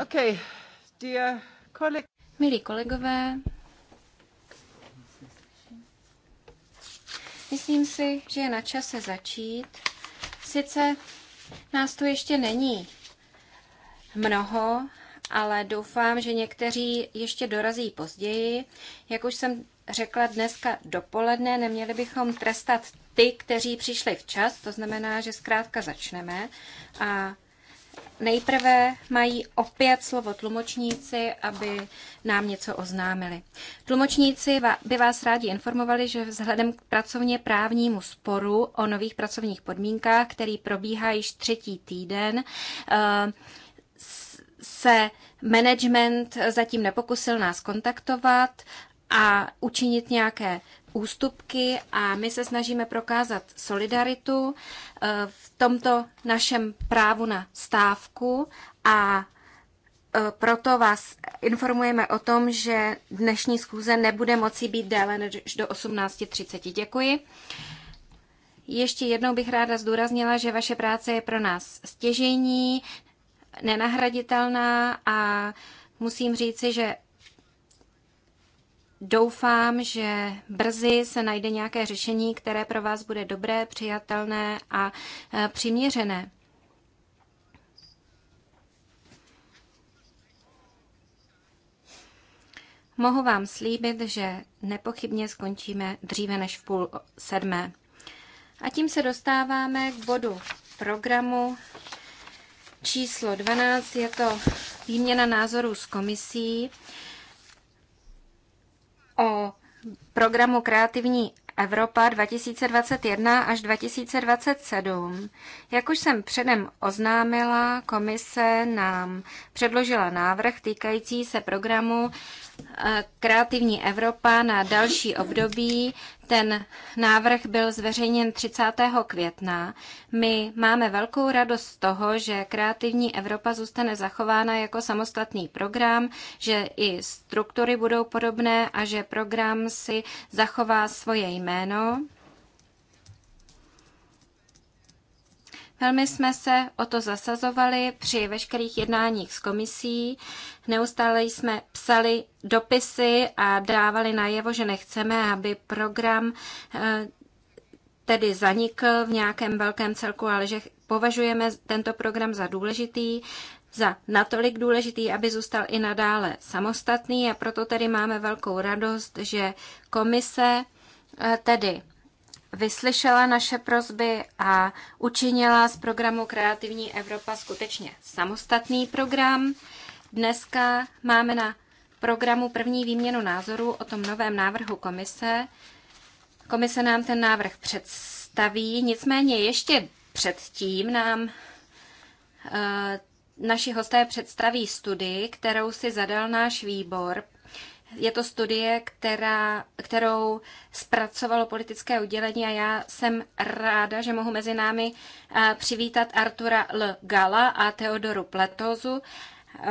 Okay, dear colleague. Milí kolegové, myslím si, že je na čase začít. Sice nás tu ještě není mnoho, ale doufám, že někteří ještě dorazí později. Jak už jsem řekla dneska dopoledne, neměli bychom trestat ty, kteří přišli včas, to znamená, že zkrátka začneme. A Nejprve mají opět slovo tlumočníci, aby nám něco oznámili. Tlumočníci by vás rádi informovali, že vzhledem k pracovně právnímu sporu o nových pracovních podmínkách, který probíhá již třetí týden, eh, se management zatím nepokusil nás kontaktovat a učinit nějaké ústupky a my se snažíme prokázat solidaritu eh, v tomto našem právu na stávku a eh, proto vás informujeme o tom, že dnešní schůze nebude moci být déle než do 18.30. Děkuji. Ještě jednou bych ráda zdůraznila, že vaše práce je pro nás stěžení, nenahraditelná a musím říci, že Doufám, že brzy se najde nějaké řešení, které pro vás bude dobré, přijatelné a e, přiměřené. Mohu vám slíbit, že nepochybně skončíme dříve než v půl sedmé. A tím se dostáváme k bodu programu číslo 12. Je to výměna názorů s komisí o programu Kreativní Evropa 2021 až 2027. Jak už jsem předem oznámila, komise nám předložila návrh týkající se programu Kreativní Evropa na další období. Ten návrh byl zveřejněn 30. května. My máme velkou radost z toho, že Kreativní Evropa zůstane zachována jako samostatný program, že i struktury budou podobné a že program si zachová svoje jméno. Velmi jsme se o to zasazovali při veškerých jednáních s komisí. Neustále jsme psali dopisy a dávali najevo, že nechceme, aby program eh, tedy zanikl v nějakém velkém celku, ale že považujeme tento program za důležitý, za natolik důležitý, aby zůstal i nadále samostatný a proto tedy máme velkou radost, že komise eh, tedy vyslyšela naše prozby a učinila z programu Kreativní Evropa skutečně samostatný program. Dneska máme na programu první výměnu názorů o tom novém návrhu komise. Komise nám ten návrh představí, nicméně ještě předtím nám eh, naši hosté představí studii, kterou si zadal náš výbor je to studie, která, kterou zpracovalo politické udělení a já jsem ráda, že mohu mezi námi eh, přivítat Artura L. Gala a Teodoru Pletozu. Eh,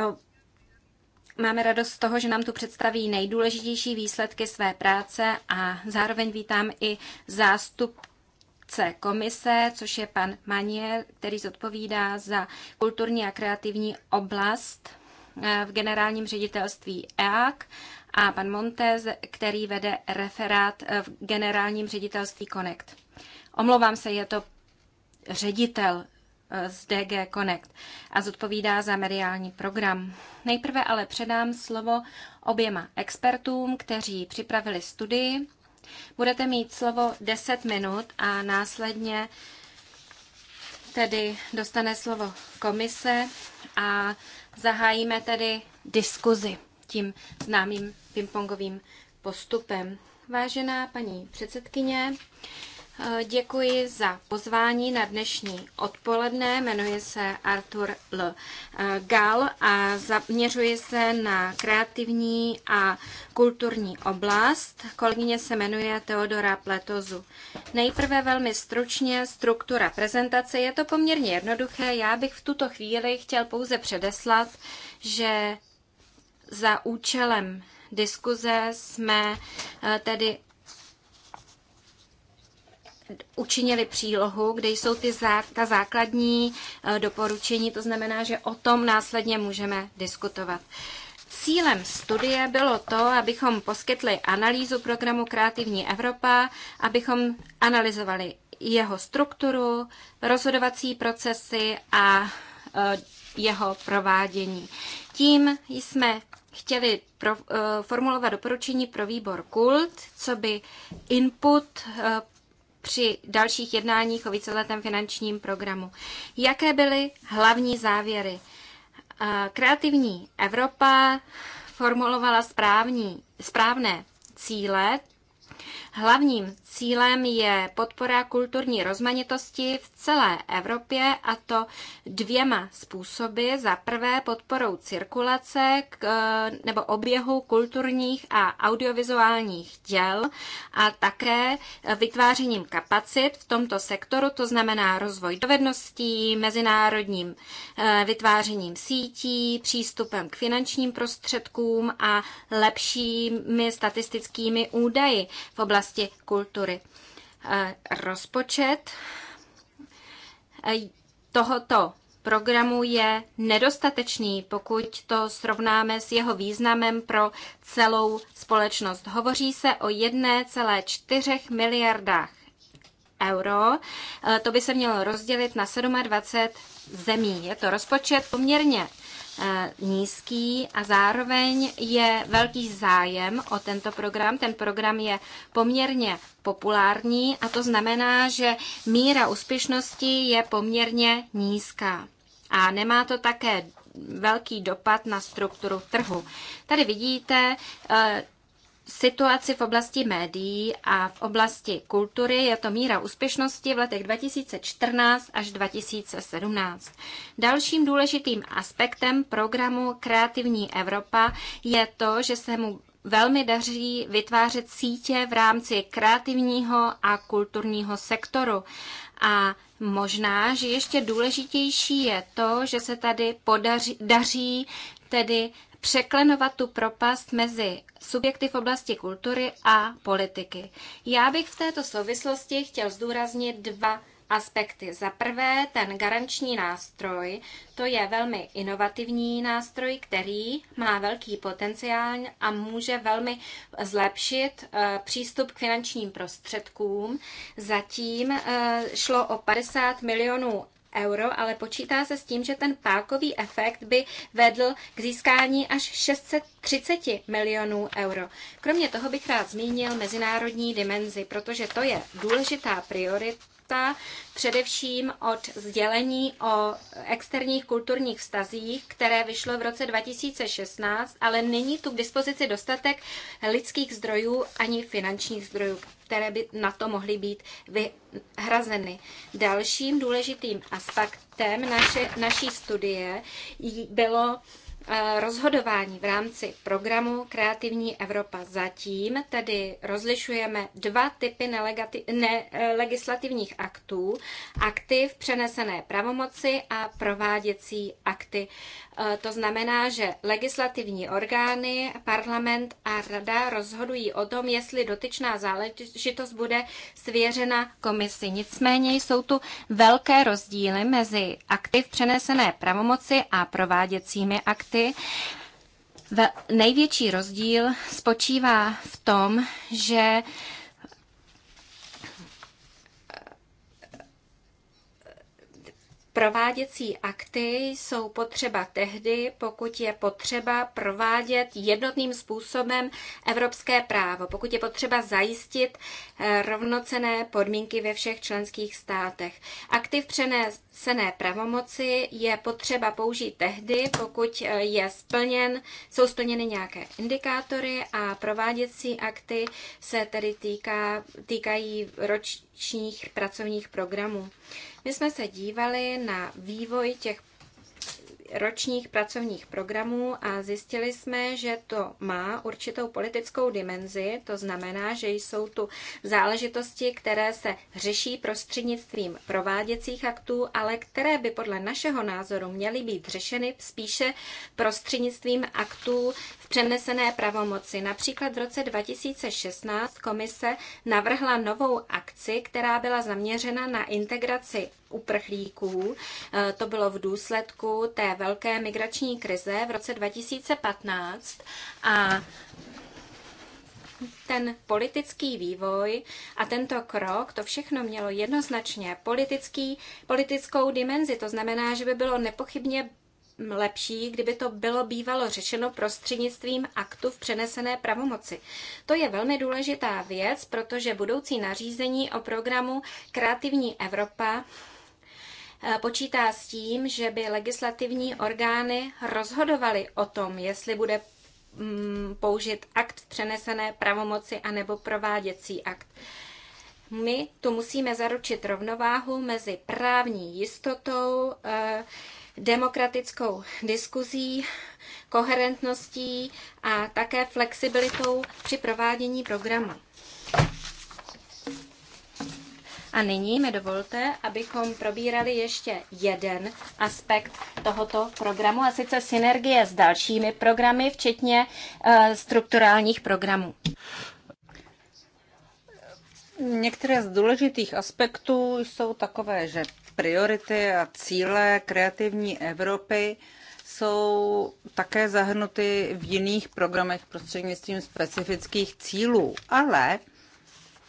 máme radost z toho, že nám tu představí nejdůležitější výsledky své práce a zároveň vítám i zástup komise, což je pan Manier, který zodpovídá za kulturní a kreativní oblast eh, v generálním ředitelství EAC a pan Montez, který vede referát eh, v generálním ředitelství Connect. Omlouvám se, je to ředitel eh, z DG Connect a zodpovídá za mediální program. Nejprve ale předám slovo oběma expertům, kteří připravili studii. Budete mít slovo 10 minut a následně tedy dostane slovo komise a zahájíme tedy diskuzi tím známým pingpongovým postupem. Vážená paní předsedkyně, eh, Děkuji za pozvání na dnešní odpoledne. Jmenuji se Artur L. Eh, Gal a zaměřuji se na kreativní a kulturní oblast. Kolegyně se jmenuje Teodora Pletozu. Nejprve velmi stručně struktura prezentace. Je to poměrně jednoduché. Já bych v tuto chvíli chtěl pouze předeslat, že za účelem diskuze jsme eh, tedy učinili přílohu, kde jsou ty zá, ta základní eh, doporučení, to znamená, že o tom následně můžeme diskutovat. Cílem studie bylo to, abychom poskytli analýzu programu Kreativní Evropa, abychom analyzovali jeho strukturu, rozhodovací procesy a eh, jeho provádění. Tím jsme chtěli pro, uh, formulovat doporučení pro výbor KULT, co by input uh, při dalších jednáních o víceletém finančním programu. Jaké byly hlavní závěry? Uh, kreativní Evropa formulovala správní, správné cíle, Hlavním cílem je podpora kulturní rozmanitosti v celé Evropě a to dvěma způsoby. Za prvé podporou cirkulace k, e, nebo oběhu kulturních a audiovizuálních děl a také vytvářením kapacit v tomto sektoru, to znamená rozvoj dovedností, mezinárodním e, vytvářením sítí, přístupem k finančním prostředkům a lepšími statistickými údaji v oblasti kultury. Eh, rozpočet eh, tohoto programu je nedostatečný, pokud to srovnáme s jeho významem pro celou společnost. Hovoří se o 1,4 miliardách euro. Eh, to by se mělo rozdělit na 27 zemí. Je to rozpočet poměrně Eh, nízký a zároveň je velký zájem o tento program. Ten program je poměrně populární a to znamená, že míra úspěšnosti je poměrně nízká. A nemá to také velký dopad na strukturu trhu. Tady vidíte eh, situaci v oblasti médií a v oblasti kultury je to míra úspěšnosti v letech 2014 až 2017. Dalším důležitým aspektem programu Kreativní Evropa je to, že se mu velmi daří vytvářet sítě v rámci kreativního a kulturního sektoru. A možná, že ještě důležitější je to, že se tady podaří, daří tedy překlenovat tu propast mezi subjekty v oblasti kultury a politiky. Já bych v této souvislosti chtěl zdůraznit dva aspekty. Za prvé, ten garanční nástroj, to je velmi inovativní nástroj, který má velký potenciál a může velmi zlepšit eh, přístup k finančním prostředkům. Zatím eh, šlo o 50 milionů euro, ale počítá se s tím, že ten pákový efekt by vedl k získání až 630 milionů euro. Kromě toho bych rád zmínil mezinárodní dimenzi, protože to je důležitá priorita témata, především od sdělení o externích kulturních vztazích, které vyšlo v roce 2016, ale není tu k dispozici dostatek lidských zdrojů ani finančních zdrojů, které by na to mohly být vyhrazeny. Dalším důležitým aspektem naše, naší studie bylo Eh, rozhodování v rámci programu Kreativní Evropa. Zatím tedy rozlišujeme dva typy eh, legislativních aktů. Akty v přenesené pravomoci a prováděcí akty. Eh, to znamená, že legislativní orgány, parlament a rada rozhodují o tom, jestli dotyčná záležitost bude svěřena komisi. Nicméně jsou tu velké rozdíly mezi akty v přenesené pravomoci a prováděcími akty texty. Největší rozdíl spočívá v tom, že eh, Prováděcí akty jsou potřeba tehdy, pokud je potřeba provádět jednotným způsobem evropské právo, pokud je potřeba zajistit eh, rovnocené podmínky ve všech členských státech. Akty v přené, přenesené pravomoci je potřeba použít tehdy, pokud eh, je splněn, jsou splněny nějaké indikátory a prováděcí akty se tedy týká, týkají ročních pracovních programů. My jsme se dívali na vývoj těch ročních pracovních programů a zjistili jsme, že to má určitou politickou dimenzi, to znamená, že jsou tu záležitosti, které se řeší prostřednictvím prováděcích aktů, ale které by podle našeho názoru měly být řešeny spíše prostřednictvím aktů v přenesené pravomoci. Například v roce 2016 komise navrhla novou akci, která byla zaměřena na integraci uprchlíků. Eh, to bylo v důsledku té velké migrační krize v roce 2015 a ten politický vývoj a tento krok, to všechno mělo jednoznačně politický, politickou dimenzi. To znamená, že by bylo nepochybně lepší, kdyby to bylo bývalo řešeno prostřednictvím aktu v přenesené pravomoci. To je velmi důležitá věc, protože budoucí nařízení o programu Kreativní Evropa E, počítá s tím, že by legislativní orgány rozhodovaly o tom, jestli bude mm, použit akt přenesené pravomoci anebo prováděcí akt. My tu musíme zaručit rovnováhu mezi právní jistotou, e, demokratickou diskuzí, koherentností a také flexibilitou při provádění programu. A nyní mi dovolte, abychom probírali ještě jeden aspekt tohoto programu, a sice synergie s dalšími programy, včetně eh, strukturálních programů. Některé z důležitých aspektů jsou takové, že priority a cíle kreativní Evropy jsou také zahrnuty v jiných programech prostřednictvím specifických cílů, ale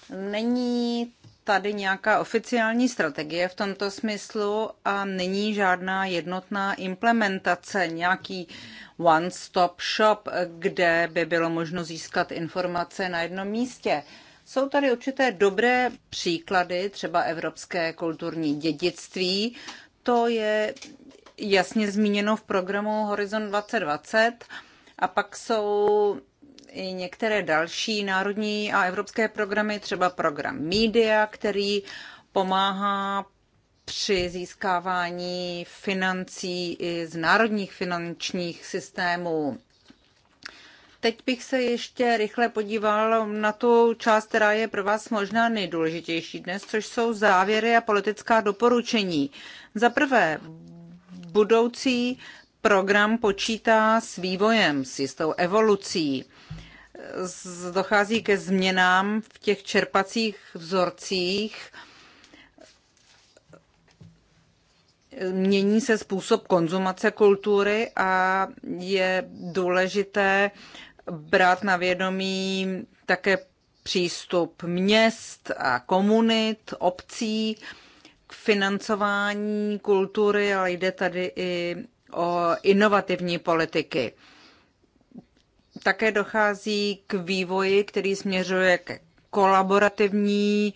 není tady nějaká oficiální strategie v tomto smyslu a není žádná jednotná implementace, nějaký one-stop shop, kde by bylo možno získat informace na jednom místě. Jsou tady určité dobré příklady, třeba evropské kulturní dědictví. To je jasně zmíněno v programu Horizon 2020. A pak jsou i některé další národní a evropské programy, třeba program Media, který pomáhá při získávání financí i z národních finančních systémů. Teď bych se ještě rychle podíval na tu část, která je pro vás možná nejdůležitější dnes, což jsou závěry a politická doporučení. Za prvé, budoucí program počítá s vývojem, s jistou evolucí dochází ke změnám v těch čerpacích vzorcích. Mění se způsob konzumace kultury a je důležité brát na vědomí také přístup měst a komunit, obcí k financování kultury, ale jde tady i o inovativní politiky také dochází k vývoji, který směřuje k kolaborativní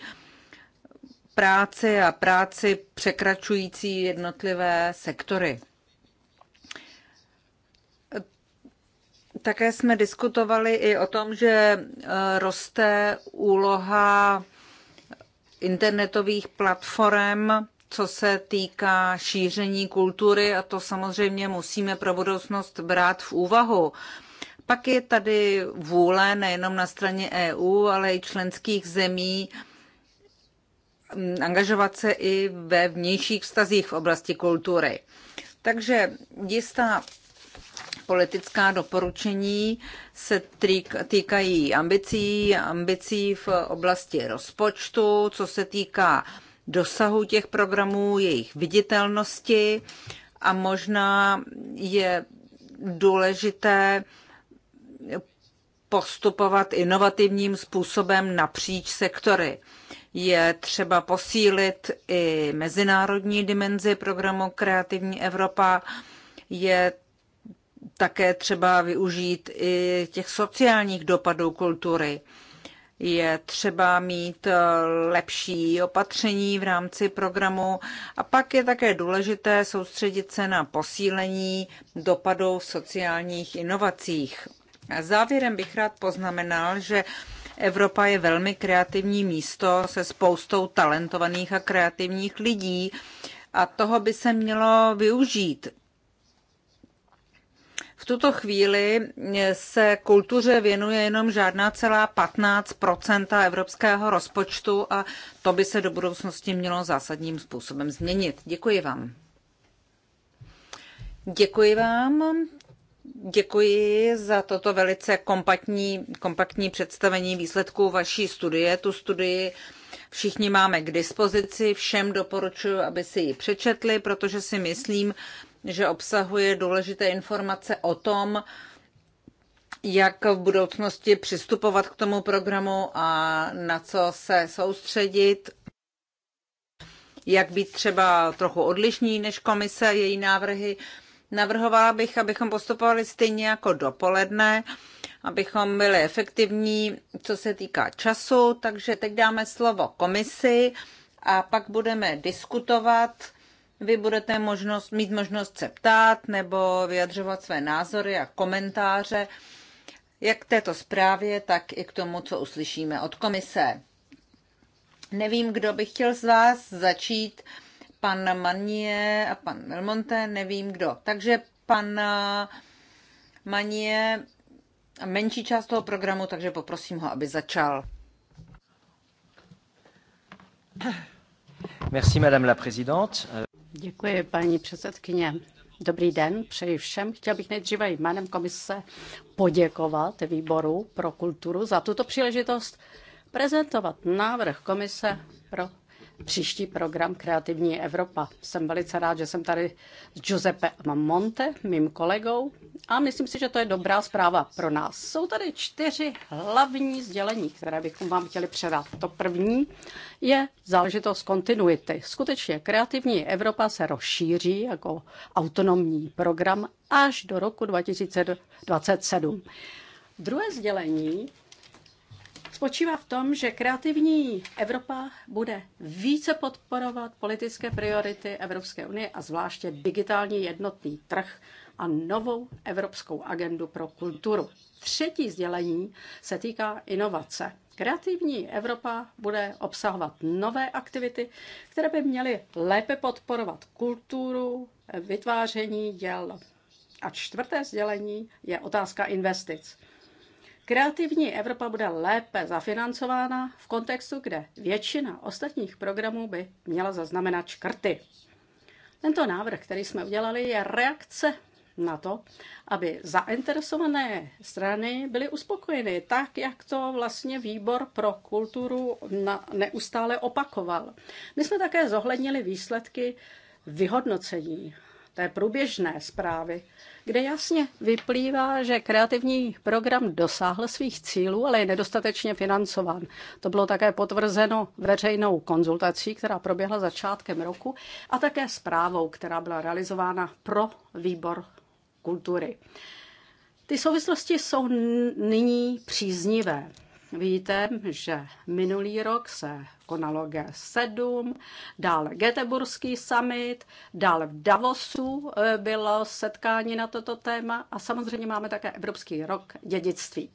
práci a práci překračující jednotlivé sektory. Také jsme diskutovali i o tom, že e, roste úloha internetových platform, co se týká šíření kultury a to samozřejmě musíme pro budoucnost brát v úvahu. Pak je tady vůle nejenom na straně EU, ale i členských zemí angažovat se i ve vnějších vztazích v oblasti kultury. Takže jistá politická doporučení se týkají ambicí, ambicí v oblasti rozpočtu, co se týká dosahu těch programů, jejich viditelnosti a možná je důležité postupovat inovativním způsobem napříč sektory. Je třeba posílit i mezinárodní dimenzi programu Kreativní Evropa. Je také třeba využít i těch sociálních dopadů kultury. Je třeba mít lepší opatření v rámci programu a pak je také důležité soustředit se na posílení dopadů v sociálních inovacích. Závěrem bych rád poznamenal, že Evropa je velmi kreativní místo se spoustou talentovaných a kreativních lidí a toho by se mělo využít. V tuto chvíli se kultuře věnuje jenom žádná celá 15 evropského rozpočtu a to by se do budoucnosti mělo zásadním způsobem změnit. Děkuji vám. Děkuji vám. Děkuji za toto velice kompaktní, kompaktní představení výsledků vaší studie. Tu studii všichni máme k dispozici, všem doporučuji, aby si ji přečetli, protože si myslím, že obsahuje důležité informace o tom, jak v budoucnosti přistupovat k tomu programu a na co se soustředit, jak být třeba trochu odlišní než komise, její návrhy. Navrhovala bych, abychom postupovali stejně jako dopoledne, abychom byli efektivní, co se týká času, takže teď dáme slovo komisi a pak budeme diskutovat. Vy budete možnost, mít možnost se ptát nebo vyjadřovat své názory a komentáře, jak k této zprávě, tak i k tomu, co uslyšíme od komise. Nevím, kdo by chtěl z vás začít pan Manie a pan Milmonte, nevím kdo. Takže pan Manie menší část toho programu, takže poprosím ho, aby začal. Merci, madame la présidente. Děkuji, paní předsedkyně. Dobrý den, přeji všem. Chtěl bych nejdříve jménem komise poděkovat výboru pro kulturu za tuto příležitost prezentovat návrh komise pro příští program Kreativní Evropa. Jsem velice rád, že jsem tady s Giuseppe Monte, mým kolegou, a myslím si, že to je dobrá zpráva pro nás. Jsou tady čtyři hlavní sdělení, které bychom vám chtěli předat. To první je záležitost kontinuity. Skutečně Kreativní Evropa se rozšíří jako autonomní program až do roku 2027. Druhé sdělení spočívá v tom, že kreativní Evropa bude více podporovat politické priority Evropské unie a zvláště digitální jednotný trh a novou evropskou agendu pro kulturu. Třetí sdělení se týká inovace. Kreativní Evropa bude obsahovat nové aktivity, které by měly lépe podporovat kulturu, vytváření děl. A čtvrté sdělení je otázka investic. Kreativní Evropa bude lépe zafinancována v kontextu, kde většina ostatních programů by měla zaznamenat škrty. Tento návrh, který jsme udělali, je reakce na to, aby zainteresované strany byly uspokojeny, tak jak to vlastně výbor pro kulturu neustále opakoval. My jsme také zohlednili výsledky vyhodnocení té průběžné zprávy, kde jasně vyplývá, že kreativní program dosáhl svých cílů, ale je nedostatečně financován. To bylo také potvrzeno veřejnou konzultací, která proběhla začátkem roku, a také zprávou, která byla realizována pro výbor kultury. Ty souvislosti jsou nyní příznivé. Víte, že minulý rok se konalo G7, dále Göteborský summit, dále v Davosu e, bylo setkání na toto téma a samozřejmě máme také Evropský rok dědictví.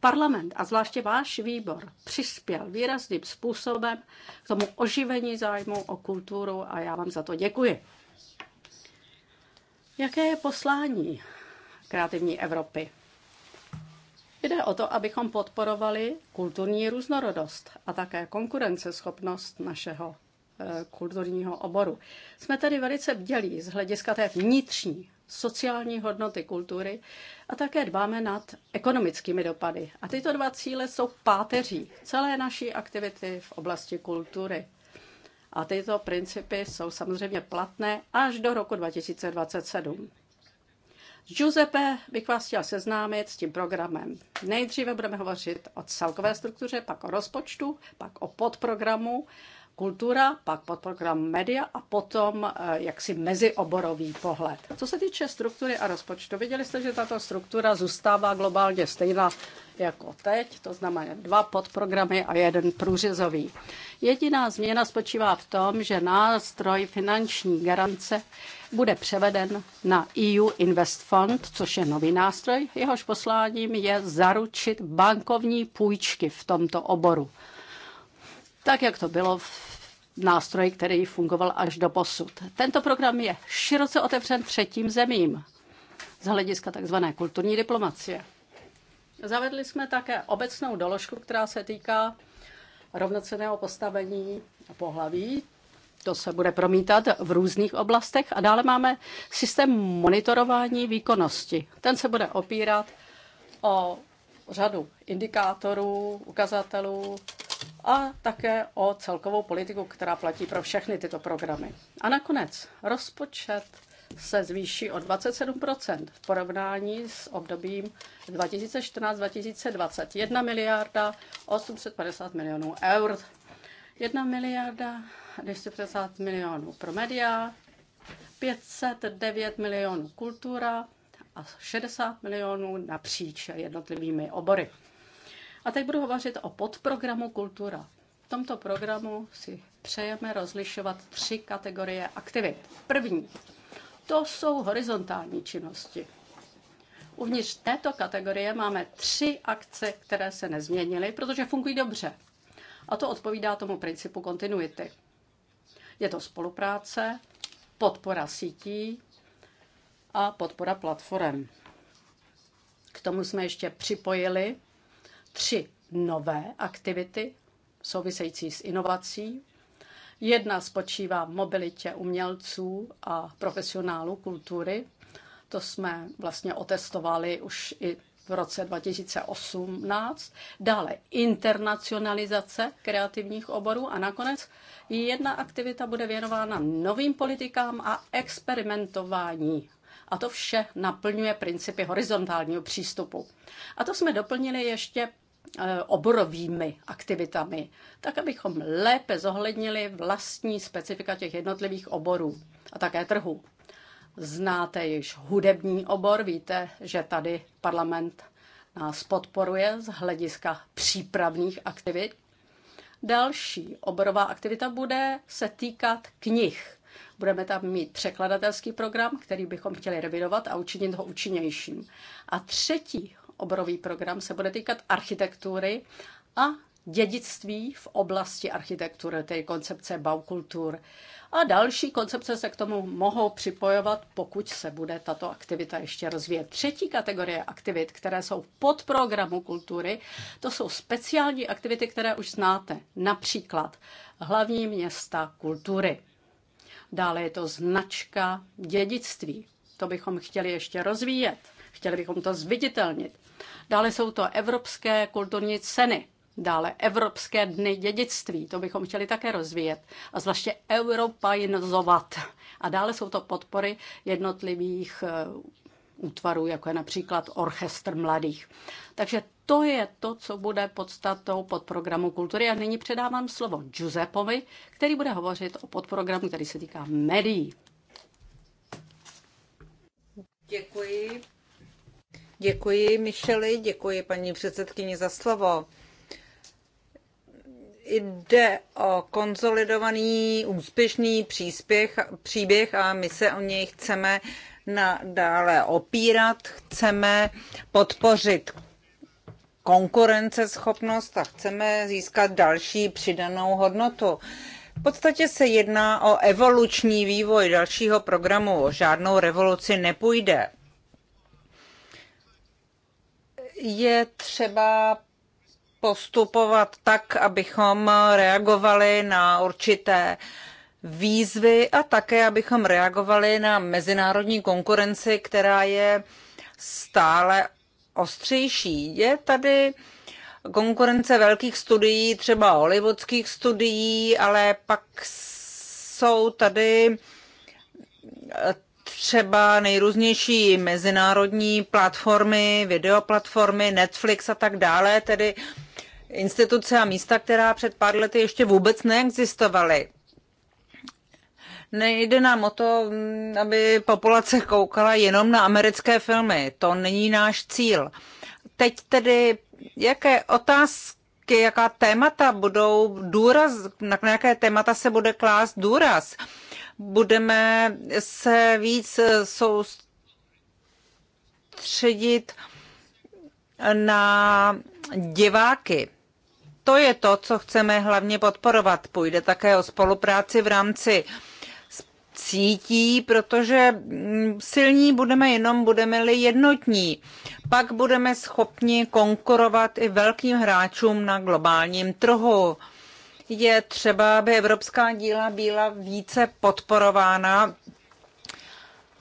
Parlament a zvláště váš výbor přispěl výrazným způsobem k tomu oživení zájmu o kulturu a já vám za to děkuji. Jaké je poslání kreativní Evropy? Jde o to, abychom podporovali kulturní různorodost a také konkurenceschopnost našeho eh, kulturního oboru. Jsme tady velice bdělí z hlediska té vnitřní sociální hodnoty kultury a také dbáme nad ekonomickými dopady. A tyto dva cíle jsou páteří celé naší aktivity v oblasti kultury. A tyto principy jsou samozřejmě platné až do roku 2027. Giuseppe bych vás chtěla seznámit s tím programem. Nejdříve budeme hovořit o celkové struktuře, pak o rozpočtu, pak o podprogramu kultura, pak podprogram média a potom eh, jaksi mezioborový pohled. Co se týče struktury a rozpočtu, viděli jste, že tato struktura zůstává globálně stejná jako teď, to znamená dva podprogramy a jeden průřezový. Jediná změna spočívá v tom, že nástroj finanční garance bude převeden na EU Invest Fund, což je nový nástroj. Jehož posláním je zaručit bankovní půjčky v tomto oboru. Tak, jak to bylo v nástroj, který fungoval až do posud. Tento program je široce otevřen třetím zemím z hlediska tzv. kulturní diplomacie. Zavedli jsme také obecnou doložku, která se týká rovnoceného postavení pohlaví. To se bude promítat v různých oblastech. A dále máme systém monitorování výkonnosti. Ten se bude opírat o řadu indikátorů, ukazatelů a také o celkovou politiku, která platí pro všechny tyto programy. A nakonec rozpočet se zvýší o 27 v porovnání s obdobím 2014-2020. 1 miliarda 850 milionů eur. 1 miliarda 250 milionů pro média, 509 milionů kultura a 60 milionů napříč jednotlivými obory. A teď budu hovořit o podprogramu Kultura. V tomto programu si přejeme rozlišovat tři kategorie aktivit. První to jsou horizontální činnosti. Uvnitř této kategorie máme tři akce, které se nezměnily, protože fungují dobře. A to odpovídá tomu principu kontinuity. Je to spolupráce, podpora sítí a podpora platform. K tomu jsme ještě připojili tři nové aktivity související s inovací, Jedna spočívá v mobilitě umělců a profesionálů kultury. To jsme vlastně otestovali už i v roce 2018, dále internacionalizace kreativních oborů a nakonec jedna aktivita bude věnována novým politikám a experimentování. A to vše naplňuje principy horizontálního přístupu. A to jsme doplnili ještě Eh, oborovými aktivitami, tak abychom lépe zohlednili vlastní specifika těch jednotlivých oborů a také trhu. Znáte již hudební obor, víte, že tady parlament nás podporuje z hlediska přípravných aktivit. Další oborová aktivita bude se týkat knih. Budeme tam mít překladatelský program, který bychom chtěli revidovat a učinit ho účinnějším. A třetí oborový program se bude týkat architektury a dědictví v oblasti architektury, tedy koncepce Baukultur. A další koncepce se k tomu mohou připojovat, pokud se bude tato aktivita ještě rozvíjet. Třetí kategorie aktivit, které jsou pod programu kultury, to jsou speciální aktivity, které už znáte, například hlavní města kultury. Dále je to značka dědictví. To bychom chtěli ještě rozvíjet. Chtěli bychom to zviditelnit. Dále jsou to evropské kulturní ceny, dále Evropské dny dědictví, to bychom chtěli také rozvíjet a zvláště europajnozovat. A dále jsou to podpory jednotlivých eh, útvarů, jako je například Orchestr mladých. Takže to je to, co bude podstatou podprogramu kultury. A nyní předávám slovo Giuseppovi, který bude hovořit o podprogramu, který se týká médií. Děkuji, Děkuji Micheli, děkuji paní předsedkyni za slovo. Jde o konsolidovaný úspěšný příspěch, příběh a my se o něj chceme nadále opírat, chceme podpořit konkurenceschopnost a chceme získat další přidanou hodnotu. V podstatě se jedná o evoluční vývoj dalšího programu, o žádnou revoluci nepůjde je třeba postupovat tak, abychom reagovali na určité výzvy a také, abychom reagovali na mezinárodní konkurenci, která je stále ostřejší. Je tady konkurence velkých studií, třeba hollywoodských studií, ale pak jsou tady třeba nejrůznější mezinárodní platformy, videoplatformy, Netflix a tak dále, tedy instituce a místa, která před pár lety ještě vůbec neexistovaly. Nejde nám o to, aby populace koukala jenom na americké filmy. To není náš cíl. Teď tedy, jaké otázky, jaká témata budou důraz, na jaké témata se bude klást důraz? budeme se víc soustředit na diváky. To je to, co chceme hlavně podporovat. Půjde také o spolupráci v rámci sítí, protože mm, silní budeme jenom, budeme-li jednotní. Pak budeme schopni konkurovat i velkým hráčům na globálním trhu je třeba, aby evropská díla byla více podporována.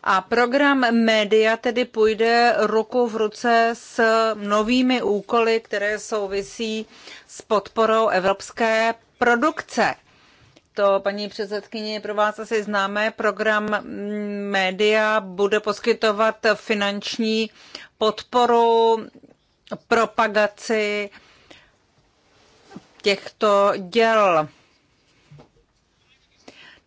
A program média tedy půjde ruku v ruce s novými úkoly, které souvisí s podporou evropské produkce. To, paní předsedkyně, je pro vás asi známé. Program média bude poskytovat finanční podporu, propagaci těchto děl.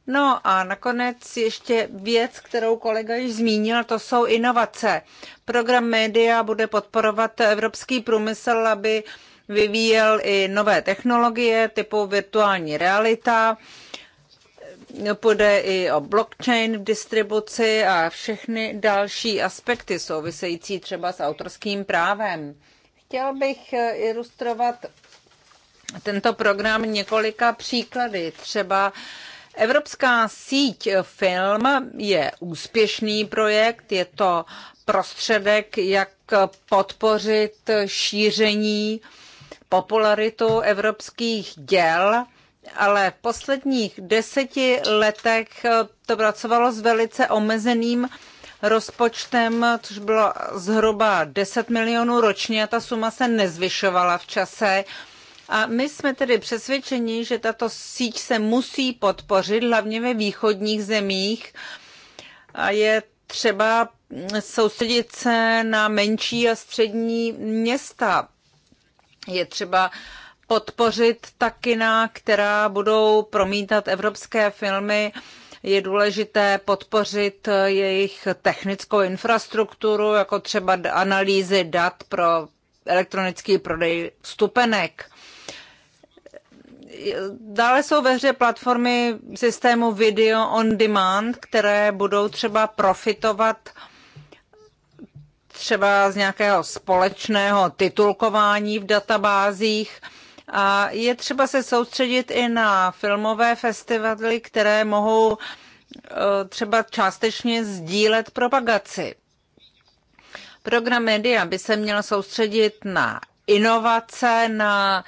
No a nakonec ještě věc, kterou kolega již zmínil, to jsou inovace. Program Media bude podporovat evropský průmysl, aby vyvíjel i nové technologie typu virtuální realita. Půjde i o blockchain v distribuci a všechny další aspekty související třeba s autorským právem. Chtěl bych ilustrovat tento program několika příklady. Třeba Evropská síť film je úspěšný projekt, je to prostředek, jak podpořit šíření popularitu evropských děl, ale v posledních deseti letech to pracovalo s velice omezeným rozpočtem, což bylo zhruba 10 milionů ročně a ta suma se nezvyšovala v čase. A my jsme tedy přesvědčeni, že tato síť se musí podpořit, hlavně ve východních zemích. A je třeba soustředit se na menší a střední města. Je třeba podpořit ta kina, která budou promítat evropské filmy. Je důležité podpořit jejich technickou infrastrukturu, jako třeba analýzy dat pro elektronický prodej vstupenek. Dále jsou ve hře platformy systému video on demand, které budou třeba profitovat třeba z nějakého společného titulkování v databázích. A je třeba se soustředit i na filmové festivaly, které mohou e, třeba částečně sdílet propagaci. Program Media by se měl soustředit na inovace, na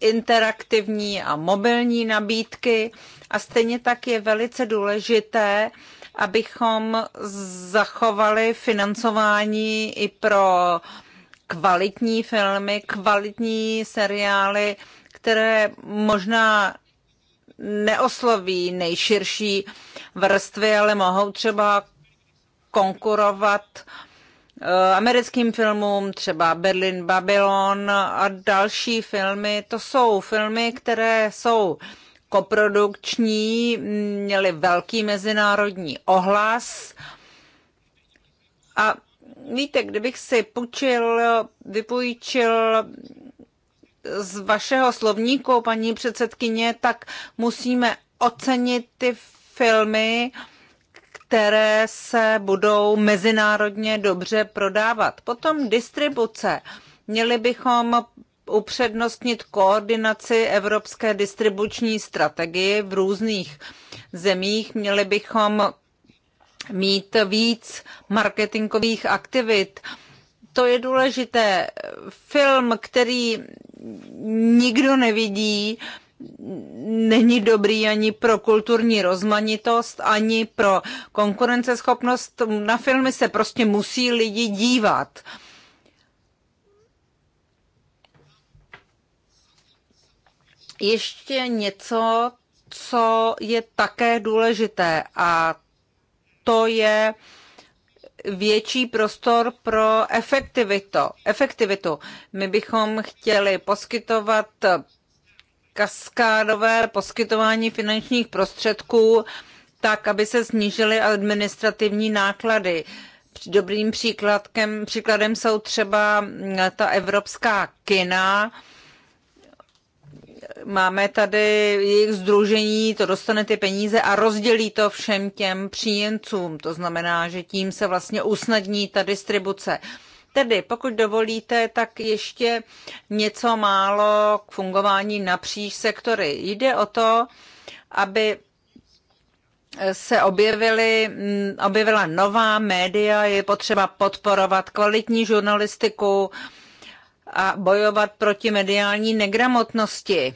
interaktivní a mobilní nabídky a stejně tak je velice důležité, abychom zachovali financování i pro kvalitní filmy, kvalitní seriály, které možná neosloví nejširší vrstvy, ale mohou třeba konkurovat uh, Eh, americkým filmům, třeba Berlin Babylon a další filmy. To jsou filmy, které jsou koprodukční, měly velký mezinárodní ohlas. A víte, kdybych si půjčil, vypůjčil z vašeho slovníku, paní předsedkyně, tak musíme ocenit ty filmy, které se budou mezinárodně dobře prodávat. Potom distribuce. Měli bychom upřednostnit koordinaci evropské distribuční strategie v různých zemích. Měli bychom mít víc marketingových aktivit. To je důležité. Film, který nikdo nevidí, není dobrý ani pro kulturní rozmanitost, ani pro konkurenceschopnost. Na filmy se prostě musí lidi dívat. Ještě něco, co je také důležité a to je větší prostor pro efektivitu. efektivitu. My bychom chtěli poskytovat kaskádové poskytování finančních prostředků tak, aby se snížily administrativní náklady. Dobrým příkladkem, příkladem jsou třeba mm, ta evropská kina. Máme tady jejich združení, to dostane ty peníze a rozdělí to všem těm příjemcům. To znamená, že tím se vlastně usnadní ta distribuce. Tedy, pokud dovolíte, tak ještě něco málo k fungování napříč sektory. Jde o to, aby se objevily, objevila nová média, je potřeba podporovat kvalitní žurnalistiku a bojovat proti mediální negramotnosti.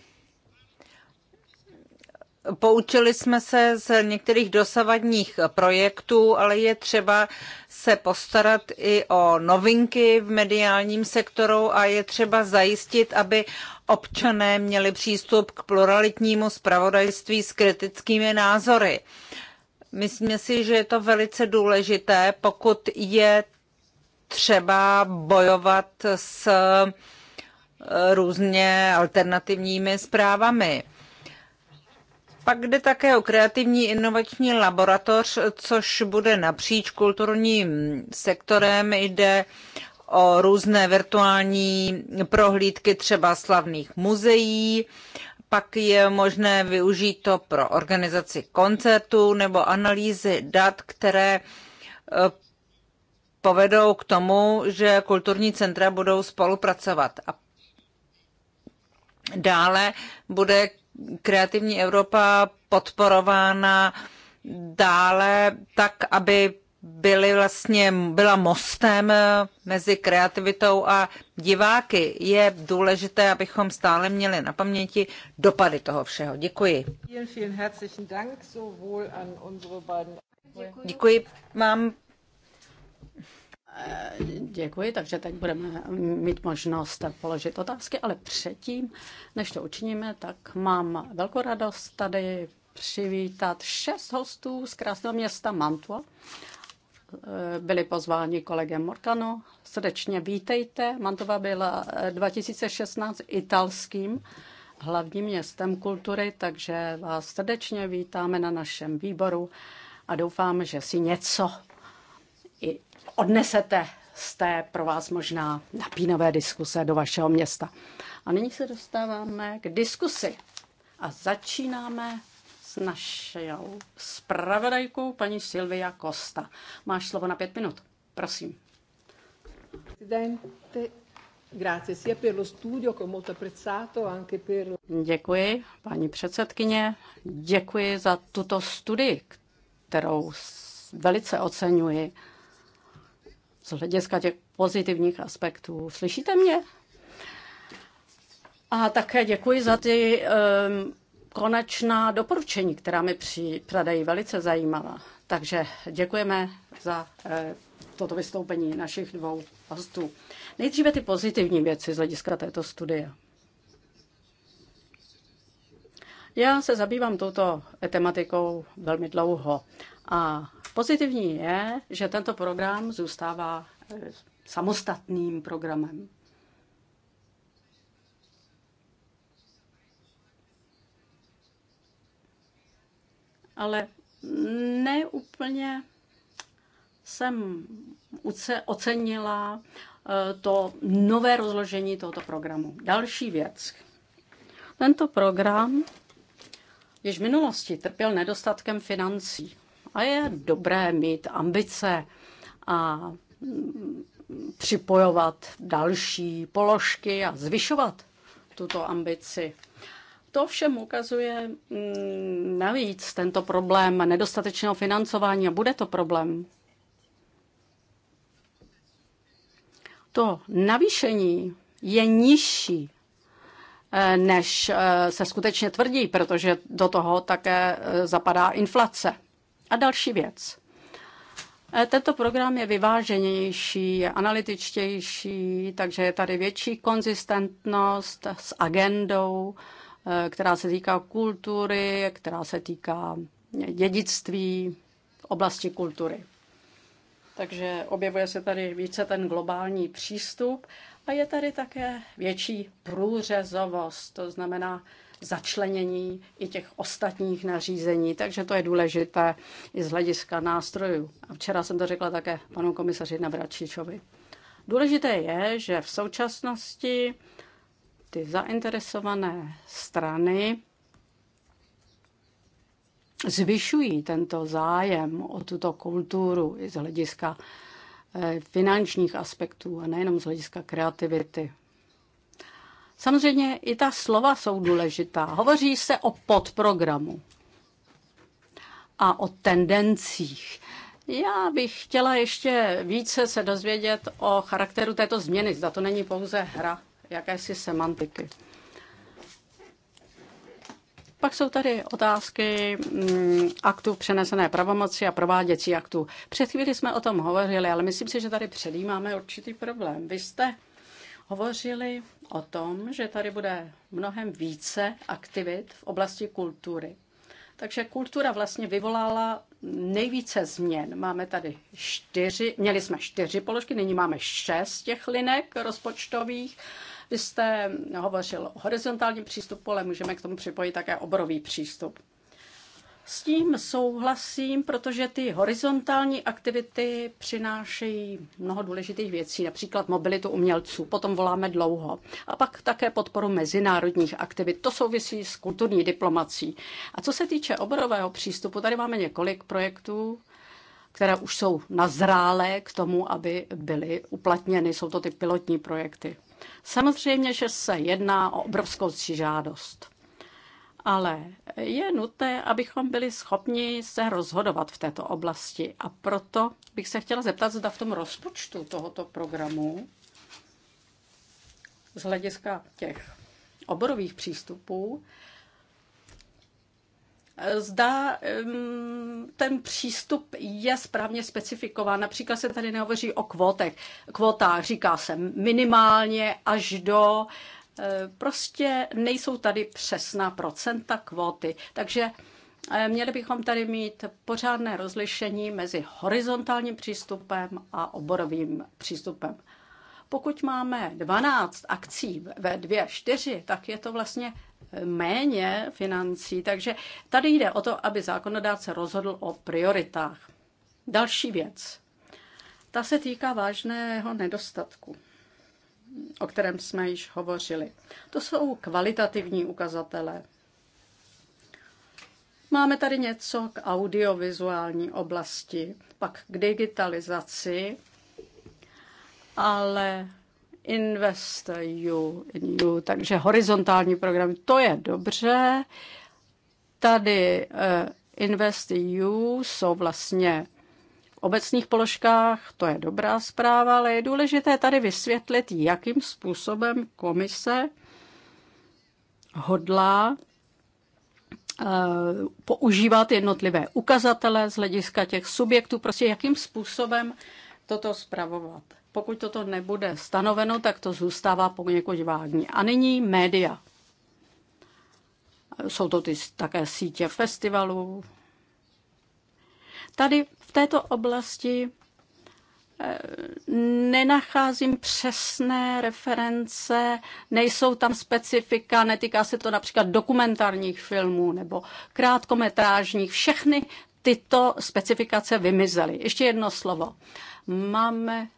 Poučili jsme se z některých dosavadních projektů, ale je třeba se postarat i o novinky v mediálním sektoru a je třeba zajistit, aby občané měli přístup k pluralitnímu spravodajství s kritickými názory. Myslím si, že je to velice důležité, pokud je třeba bojovat s různě alternativními zprávami. Pak jde také o kreativní inovační laboratoř, což bude napříč kulturním sektorem. Jde o různé virtuální prohlídky třeba slavných muzeí, pak je možné využít to pro organizaci koncertů nebo analýzy dat, které eh, povedou k tomu, že kulturní centra budou spolupracovat. A dále bude kreativní Evropa podporována dále tak, aby byly vlastně, byla mostem mezi kreativitou a diváky. Je důležité, abychom stále měli na paměti dopady toho všeho. Děkuji. Děkuji Mám. Děkuji, takže teď budeme mít možnost položit otázky, ale předtím, než to učiníme, tak mám velkou radost tady přivítat šest hostů z krásného města Mantua. Byli pozváni kolegem Morkano. Srdečně vítejte. Mantova byla 2016 italským hlavním městem kultury, takže vás srdečně vítáme na našem výboru a doufám, že si něco i odnesete z té pro vás možná napínavé diskuse do vašeho města. A nyní se dostáváme k diskusi. A začínáme s našou spravodajkou, paní Silvia Kosta. Máš slovo na pět minut. Prosím. Děkuji, paní předsedkyně. Děkuji za tuto studii, kterou velice oceňuji z hlediska těch pozitivních aspektů. Slyšíte mě? A také děkuji za ty um, konečná doporučení, která mi připadají velice zajímavá. Takže děkujeme za uh, toto vystoupení našich dvou hostů. Nejdříve ty pozitivní věci z hlediska této studie. Já se zabývám touto tematikou velmi dlouho a Pozitivní je, že tento program zůstává eh, samostatným programem. Ale neúplně jsem ocenila eh, to nové rozložení tohoto programu. Další věc. Tento program již v minulosti trpěl nedostatkem financí. A je dobré mít ambice a připojovat další položky a zvyšovat tuto ambici. To všem ukazuje mm, navíc tento problém nedostatečného financování a bude to problém. To navýšení je nižší, eh, než eh, se skutečně tvrdí, protože do toho také eh, zapadá inflace. A další věc. E, tento program je vyváženější, je analytičtější, takže je tady větší konzistentnost s agendou, e, která se týká kultury, která se týká dědictví v oblasti kultury. Takže objevuje se tady více ten globální přístup a je tady také větší průřezovost, to znamená, začlenění i těch ostatních nařízení, takže to je důležité i z hlediska nástrojů. A včera jsem to řekla také panu komisaři Navračičovi. Důležité je, že v současnosti ty zainteresované strany zvyšují tento zájem o tuto kulturu i z hlediska eh, finančních aspektů a nejenom z hlediska kreativity. Samozřejmě i ta slova jsou důležitá. Hovoří se o podprogramu a o tendencích. Já bych chtěla ještě více se dozvědět o charakteru této změny. Zda to není pouze hra jakési semantiky. Pak jsou tady otázky mm, aktů přenesené pravomoci a prováděcí aktů. Před chvíli jsme o tom hovořili, ale myslím si, že tady předjímáme určitý problém. Vy jste hovořili o tom, že tady bude mnohem více aktivit v oblasti kultury. Takže kultura vlastně vyvolala nejvíce změn. Máme tady čtyři, měli jsme čtyři položky, nyní máme šest těch linek rozpočtových. Vy jste hovořil o horizontálním přístupu, ale můžeme k tomu připojit také oborový přístup. S tím souhlasím, protože ty horizontální aktivity přinášejí mnoho důležitých věcí, například mobilitu umělců, potom voláme dlouho. A pak také podporu mezinárodních aktivit. To souvisí s kulturní diplomací. A co se týče oborového přístupu, tady máme několik projektů, které už jsou nazrálé k tomu, aby byly uplatněny. Jsou to ty pilotní projekty. Samozřejmě, že se jedná o obrovskou žádost ale je nutné, abychom byli schopni se rozhodovat v této oblasti. A proto bych se chtěla zeptat, zda v tom rozpočtu tohoto programu z hlediska těch oborových přístupů, zda ten přístup je správně specifikován. Například se tady nehovoří o kvotech, kvotách, říká se minimálně až do Eh, prostě nejsou tady přesná procenta kvóty. Takže eh, měli bychom tady mít pořádné rozlišení mezi horizontálním přístupem a oborovým přístupem. Pokud máme 12 akcí ve 2, 4, tak je to vlastně eh, méně financí, takže tady jde o to, aby zákonodáce rozhodl o prioritách. Další věc. Ta se týká vážného nedostatku o kterém jsme již hovořili. To jsou kvalitativní ukazatele. Máme tady něco k audiovizuální oblasti, pak k digitalizaci, ale Invest you, in you, takže horizontální program, to je dobře. Tady eh, Invest you jsou vlastně obecných položkách, to je dobrá zpráva, ale je důležité tady vysvětlit, jakým způsobem komise hodlá eh, používat jednotlivé ukazatele z hlediska těch subjektů, prostě jakým způsobem toto spravovat. Pokud toto nebude stanoveno, tak to zůstává poněkud vágní. A nyní média. Jsou to ty také sítě festivalů, Tady v této oblasti eh, nenacházím přesné reference, nejsou tam specifika, netýká se to například dokumentárních filmů nebo krátkometrážních. Všechny tyto specifikace vymizely. Ještě jedno slovo. Máme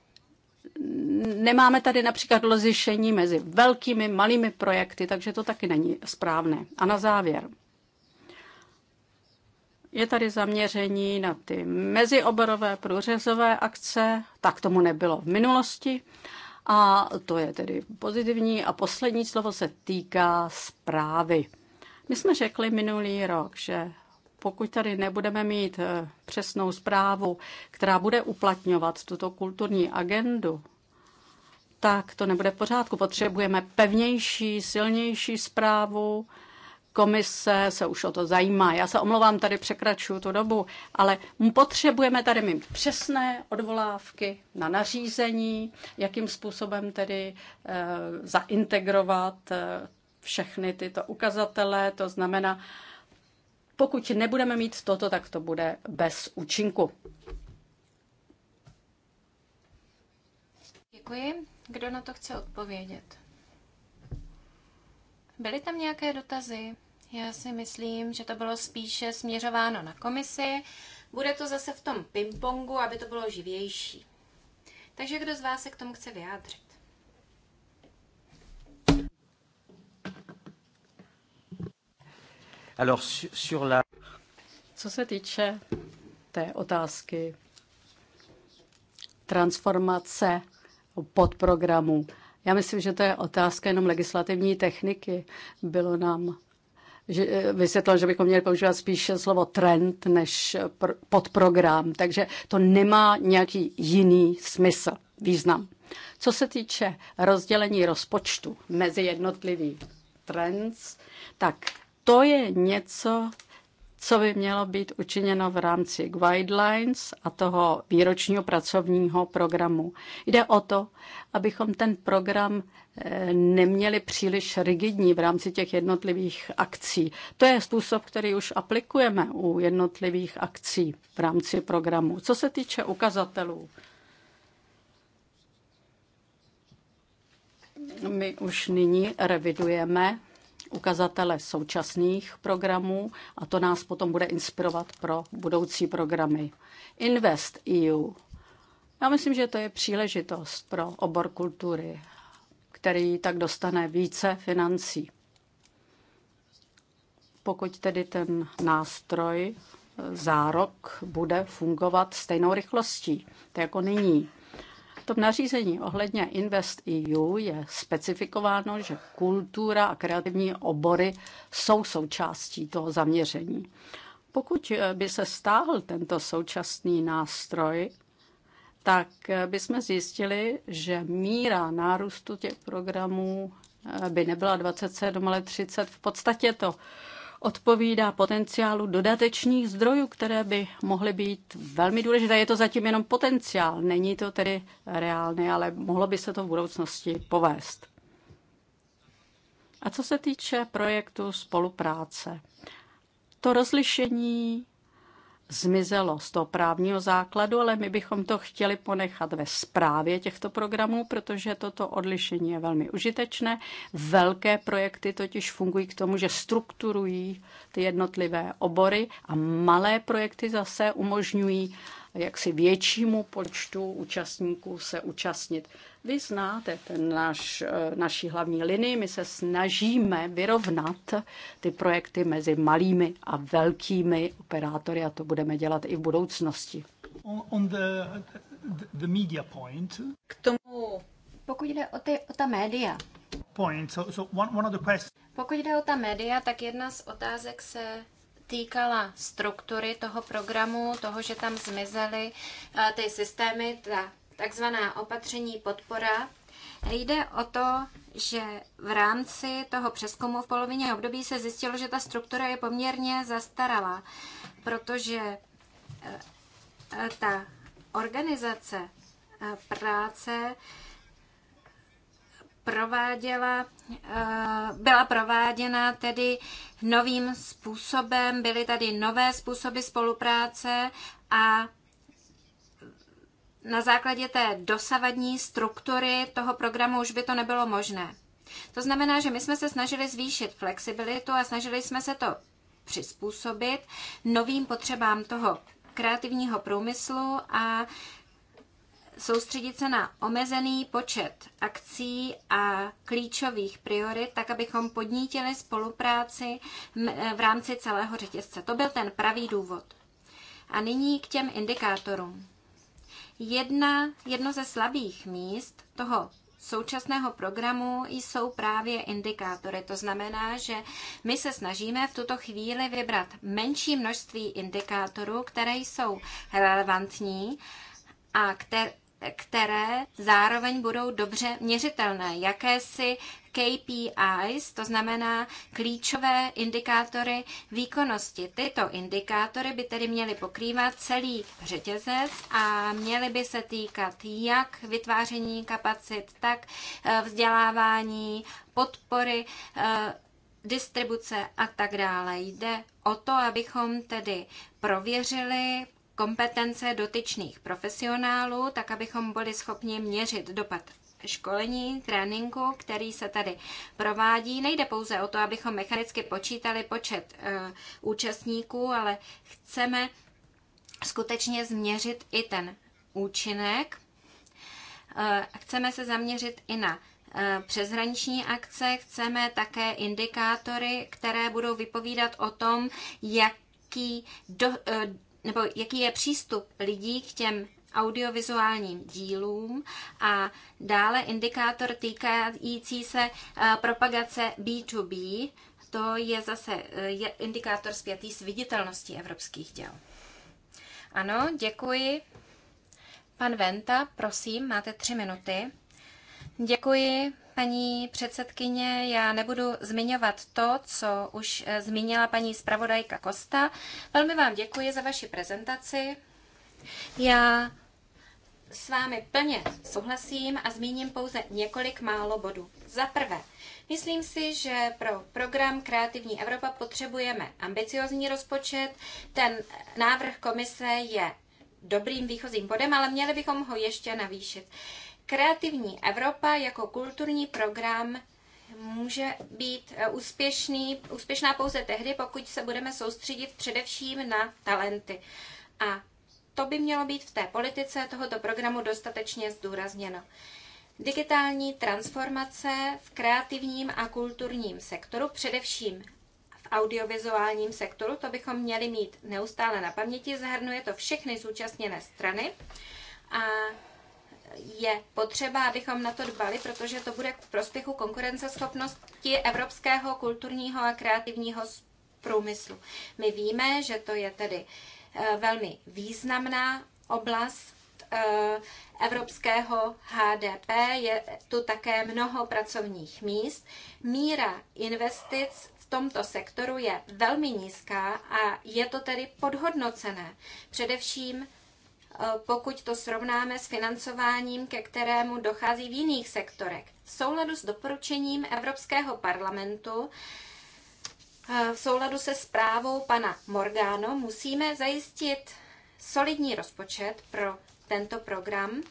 Nemáme tady například lozišení mezi velkými, malými projekty, takže to taky není správné. A na závěr. Je tady zaměření na ty mezioborové průřezové akce, tak tomu nebylo v minulosti. A to je tedy pozitivní. A poslední slovo se týká zprávy. My jsme řekli minulý rok, že pokud tady nebudeme mít eh, přesnou zprávu, která bude uplatňovat tuto kulturní agendu, tak to nebude v pořádku. Potřebujeme pevnější, silnější zprávu, komise se už o to zajímá. Já se omlouvám, tady překračuju tu dobu, ale potřebujeme tady mít přesné odvolávky na nařízení, jakým způsobem tedy eh, zaintegrovat eh, všechny tyto ukazatele, to znamená, pokud nebudeme mít toto, tak to bude bez účinku. Děkuji. Kdo na to chce odpovědět? Byly tam nějaké dotazy? Já si myslím, že to bylo spíše směřováno na komisi. Bude to zase v tom pingpongu, aby to bylo živější. Takže kdo z vás se k tomu chce vyjádřit? Alors, sur la... Co se týče té otázky transformace podprogramu, já myslím, že to je otázka jenom legislativní techniky. Bylo nám že, eh, vysvětlil, že bychom měli používat spíše slovo trend než pr- podprogram, takže to nemá nějaký jiný smysl, význam. Co se týče rozdělení rozpočtu mezi jednotlivý trends, tak to je něco, co by mělo být učiněno v rámci guidelines a toho výročního pracovního programu. Jde o to, abychom ten program eh, neměli příliš rigidní v rámci těch jednotlivých akcí. To je způsob, který už aplikujeme u jednotlivých akcí v rámci programu. Co se týče ukazatelů, my už nyní revidujeme ukazatele současných programů a to nás potom bude inspirovat pro budoucí programy. Invest EU. Já myslím, že to je příležitost pro obor kultury, který tak dostane více financí. Pokud tedy ten nástroj zárok bude fungovat stejnou rychlostí, to jako nyní tom nařízení ohledně Invest EU je specifikováno, že kultura a kreativní obory jsou součástí toho zaměření. Pokud by se stáhl tento současný nástroj, tak bychom zjistili, že míra nárůstu těch programů by nebyla 27, ale 30. V podstatě to odpovídá potenciálu dodatečných zdrojů, které by mohly být velmi důležité. Je to zatím jenom potenciál, není to tedy reálné, ale mohlo by se to v budoucnosti povést. A co se týče projektu spolupráce, to rozlišení zmizelo z toho právního základu, ale my bychom to chtěli ponechat ve správě těchto programů, protože toto odlišení je velmi užitečné. Velké projekty totiž fungují k tomu, že strukturují ty jednotlivé obory a malé projekty zase umožňují jaksi většímu počtu účastníků se účastnit. Vy znáte ten naš, eh, naší hlavní linii. My se snažíme vyrovnat ty projekty mezi malými a velkými operátory a to budeme dělat i v budoucnosti. On the, the media point. K tomu, pokud jde o, ty, o ta média. Point. So, so one, one of the questions. Pokud jde o ta média, tak jedna z otázek se týkala struktury toho programu, toho, že tam zmizely eh, ty systémy, ta takzvaná opatření podpora. Jde o to, že v rámci toho přeskumu v polovině období se zjistilo, že ta struktura je poměrně zastaralá, protože eh, eh, ta organizace eh, práce prováděla, byla prováděna tedy novým způsobem, byly tady nové způsoby spolupráce a na základě té dosavadní struktury toho programu už by to nebylo možné. To znamená, že my jsme se snažili zvýšit flexibilitu a snažili jsme se to přizpůsobit novým potřebám toho kreativního průmyslu a soustředit se na omezený počet akcí a klíčových priorit, tak abychom podnítili spolupráci eh, v rámci celého řetězce. To byl ten pravý důvod. A nyní k těm indikátorům. Jedna, jedno ze slabých míst toho současného programu jsou právě indikátory. To znamená, že my se snažíme v tuto chvíli vybrat menší množství indikátorů, které jsou relevantní a které které zároveň budou dobře měřitelné, jakési KPIs, to znamená klíčové indikátory výkonnosti. Tyto indikátory by tedy měly pokrývat celý řetězec a měly by se týkat jak vytváření kapacit, tak eh, vzdělávání, podpory, eh, distribuce a tak dále. Jde o to, abychom tedy prověřili kompetence dotyčných profesionálů, tak abychom byli schopni měřit dopad školení, tréninku, který se tady provádí. Nejde pouze o to, abychom mechanicky počítali počet e, účastníků, ale chceme skutečně změřit i ten účinek. E, chceme se zaměřit i na eh, přeshraniční akce, chceme také indikátory, které budou vypovídat o tom, jaký do, nebo jaký je přístup lidí k těm audiovizuálním dílům a dále indikátor týkající se eh, propagace B2B. To je zase eh, indikátor zpětý s viditelností evropských děl. Ano, děkuji. Pan Venta, prosím, máte tři minuty. Děkuji, paní předsedkyně. Já nebudu zmiňovat to, co už eh, zmínila paní zpravodajka Kosta. Velmi vám děkuji za vaši prezentaci. Já s vámi plně souhlasím a zmíním pouze několik málo bodů. Za prvé, myslím si, že pro program Kreativní Evropa potřebujeme ambiciozní rozpočet. Ten návrh komise je dobrým výchozím bodem, ale měli bychom ho ještě navýšit. Kreativní Evropa jako kulturní program může být eh, úspěšný, úspěšná pouze tehdy, pokud se budeme soustředit především na talenty. A to by mělo být v té politice tohoto programu dostatečně zdůrazněno. Digitální transformace v kreativním a kulturním sektoru, především v audiovizuálním sektoru, to bychom měli mít neustále na paměti, zahrnuje to všechny zúčastněné strany a je potřeba, abychom na to dbali, protože to bude k prospěchu konkurenceschopnosti evropského kulturního a kreativního průmyslu. My víme, že to je tedy eh, velmi významná oblast eh, evropského HDP, je tu také mnoho pracovních míst. Míra investic v tomto sektoru je velmi nízká a je to tedy podhodnocené. Především Eh, pokud to srovnáme s financováním, ke kterému dochází v jiných sektorech. V souladu s doporučením Evropského parlamentu eh, v souladu se zprávou pana Morgano musíme zajistit solidní rozpočet pro tento program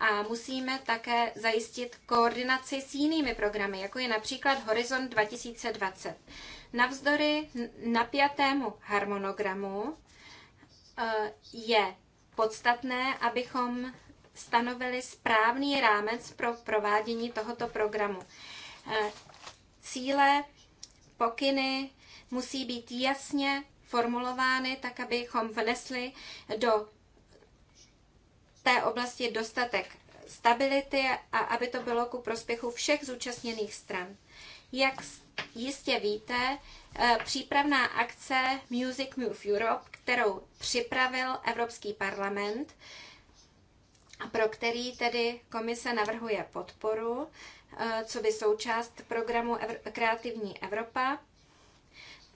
a musíme také zajistit koordinaci s jinými programy, jako je například Horizont 2020. Navzdory napjatému harmonogramu eh, je podstatné, abychom stanovili správný rámec pro provádění tohoto programu. E, cíle, pokyny musí být jasně formulovány, tak abychom vnesli do té oblasti dostatek stability a aby to bylo ku prospěchu všech zúčastněných stran. Jak jistě víte, eh, přípravná akce Music Move Europe, kterou připravil Evropský parlament, pro který tedy komise navrhuje podporu, eh, co by součást programu Kreativní Evropa.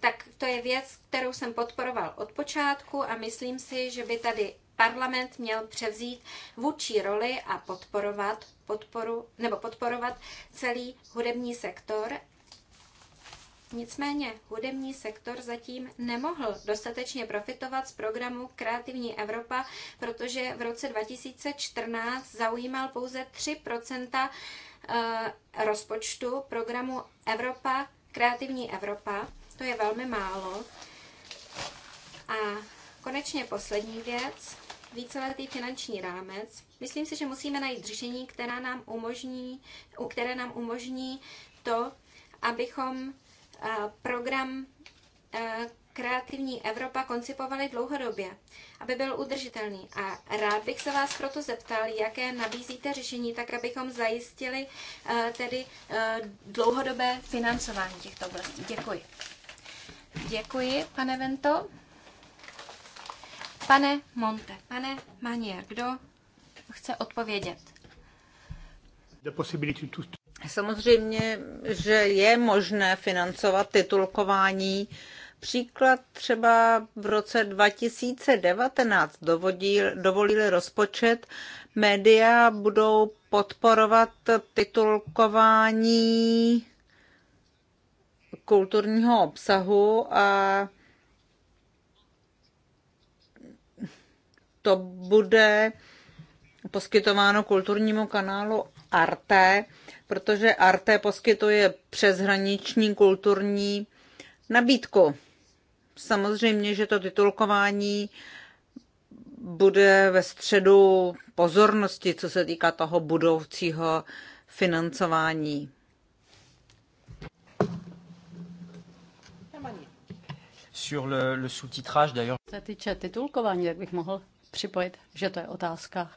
Tak to je věc, kterou jsem podporoval od počátku a myslím si, že by tady parlament měl převzít vůči roli a podporovat podporu nebo podporovat celý hudební sektor Nicméně hudební sektor zatím nemohl dostatečně profitovat z programu Kreativní Evropa, protože v roce 2014 zaujímal pouze 3 eh, rozpočtu programu Evropa, Kreativní Evropa. To je velmi málo. A konečně poslední věc, víceletý finanční rámec. Myslím si, že musíme najít řešení, které nám umožní, které nám umožní to, abychom program e, Kreativní Evropa koncipovali dlouhodobě, aby byl udržitelný. A rád bych se vás proto zeptal, jaké nabízíte řešení, tak abychom zajistili e, tedy e, dlouhodobé financování těchto oblastí. Děkuji. Děkuji, pane Vento. Pane Monte, pane Manier, kdo chce odpovědět? Samozřejmě, že je možné financovat titulkování. Příklad třeba v roce 2019 dovodil, dovolili rozpočet, média budou podporovat titulkování kulturního obsahu a to bude poskytováno kulturnímu kanálu Arte, protože Arte poskytuje přeshraniční kulturní nabídku. Samozřejmě, že to titulkování bude ve středu pozornosti, co se týká toho budoucího financování. Sur le, le sous-titrage, d'ailleurs. Se týče titulkování, jak bych mohl připojit, že to je otázka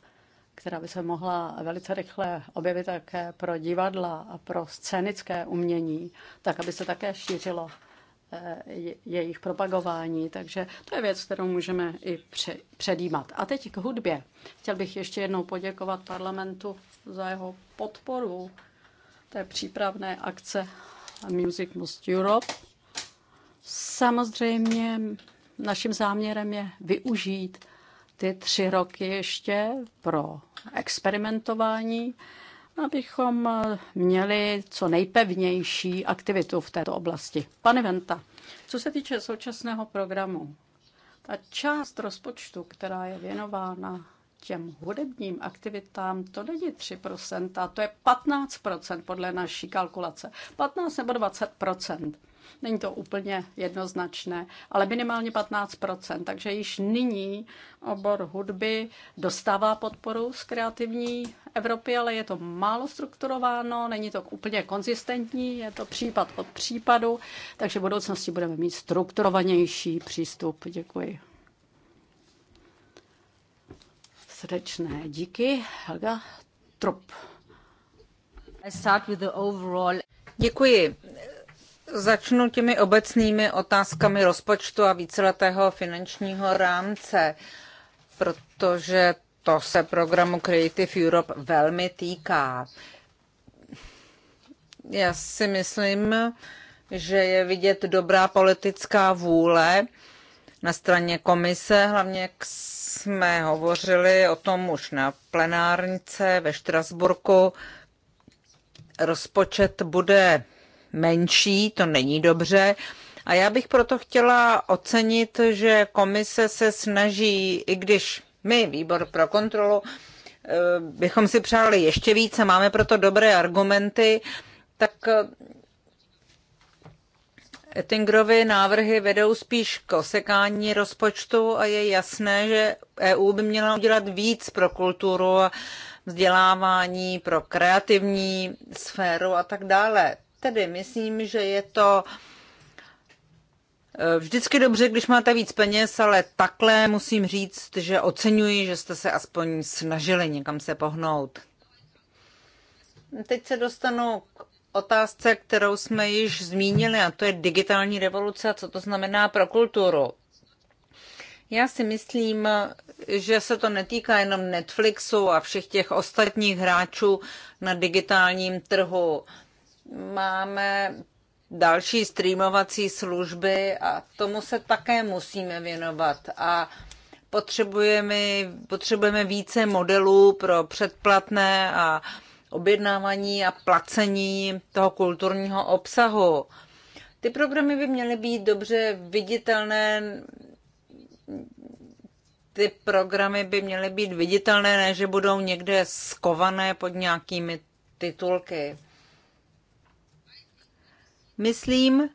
která by se mohla velice rychle objevit také pro divadla a pro scénické umění, tak aby se také šířilo eh, jejich propagování. Takže to je věc, kterou můžeme i předjímat. A teď k hudbě. Chtěl bych ještě jednou poděkovat parlamentu za jeho podporu té přípravné akce Music Most Europe. Samozřejmě naším záměrem je využít ty tři roky ještě pro experimentování, abychom měli co nejpevnější aktivitu v této oblasti. Pane Venta, co se týče současného programu, ta část rozpočtu, která je věnována těm hudebním aktivitám, to není 3%, to je 15% podle naší kalkulace. 15 nebo 20%. Není to úplně jednoznačné, ale minimálně 15 takže již nyní obor hudby dostává podporu z kreativní Evropy, ale je to málo strukturováno, není to úplně konzistentní, je to případ od případu, takže v budoucnosti budeme mít strukturovanější přístup. Děkuji. Srdečné díky. Helga Trup. Děkuji. Začnu těmi obecnými otázkami rozpočtu a víceletého finančního rámce, protože to se programu Creative Europe velmi týká. Já si myslím, že je vidět dobrá politická vůle na straně komise, hlavně jak jsme hovořili o tom už na plenárnice ve Štrasburku. Rozpočet bude menší, to není dobře. A já bych proto chtěla ocenit, že komise se snaží, i když my, výbor pro kontrolu, eh, bychom si přáli ještě více, máme proto dobré argumenty, tak eh, Ettingerovy návrhy vedou spíš k osekání rozpočtu a je jasné, že EU by měla udělat víc pro kulturu, vzdělávání, pro kreativní sféru a tak dále. Tedy myslím, že je to eh, vždycky dobře, když máte víc peněz, ale takhle musím říct, že oceňuji, že jste se aspoň snažili někam se pohnout. Teď se dostanu k otázce, kterou jsme již zmínili, a to je digitální revoluce a co to znamená pro kulturu. Já si myslím, že se to netýká jenom Netflixu a všech těch ostatních hráčů na digitálním trhu máme další streamovací služby a tomu se také musíme věnovat. A potřebujeme, potřebujeme více modelů pro předplatné a objednávání a placení toho kulturního obsahu. Ty programy by měly být dobře viditelné, ty programy by měly být viditelné, ne že budou někde skované pod nějakými titulky. Myslím,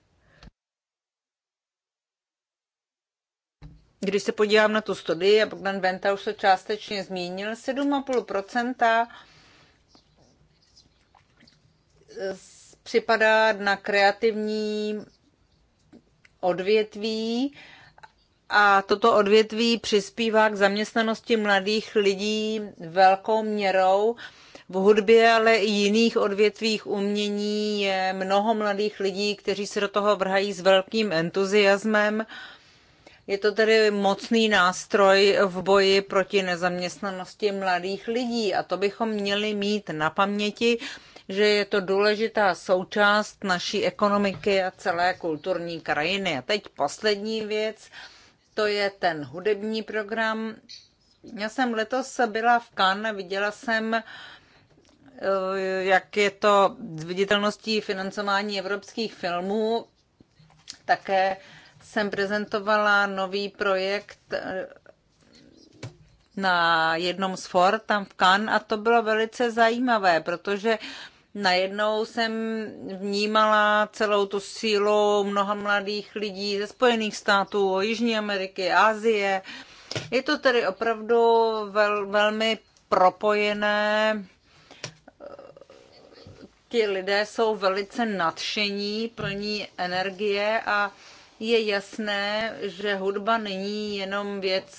když se podívám na tu studii, a Bogdan Venta už se částečně zmínil, 7,5% připadá na kreativní odvětví a toto odvětví přispívá k zaměstnanosti mladých lidí velkou měrou v hudbě, ale i jiných odvětvích umění je mnoho mladých lidí, kteří se do toho vrhají s velkým entuziasmem. Je to tedy mocný nástroj v boji proti nezaměstnanosti mladých lidí a to bychom měli mít na paměti, že je to důležitá součást naší ekonomiky a celé kulturní krajiny. A teď poslední věc, to je ten hudební program. Já jsem letos byla v Cannes viděla jsem uh, Eh, jak je to s viditelností financování evropských filmů. Také jsem prezentovala nový projekt eh, na jednom z for tam v Cannes a to bylo velice zajímavé, protože najednou jsem vnímala celou tu sílu mnoha mladých lidí ze Spojených států, Jižní Ameriky, Asie. Je to tedy opravdu vel, velmi propojené ti lidé jsou velice nadšení, plní energie a je jasné, že hudba není jenom věc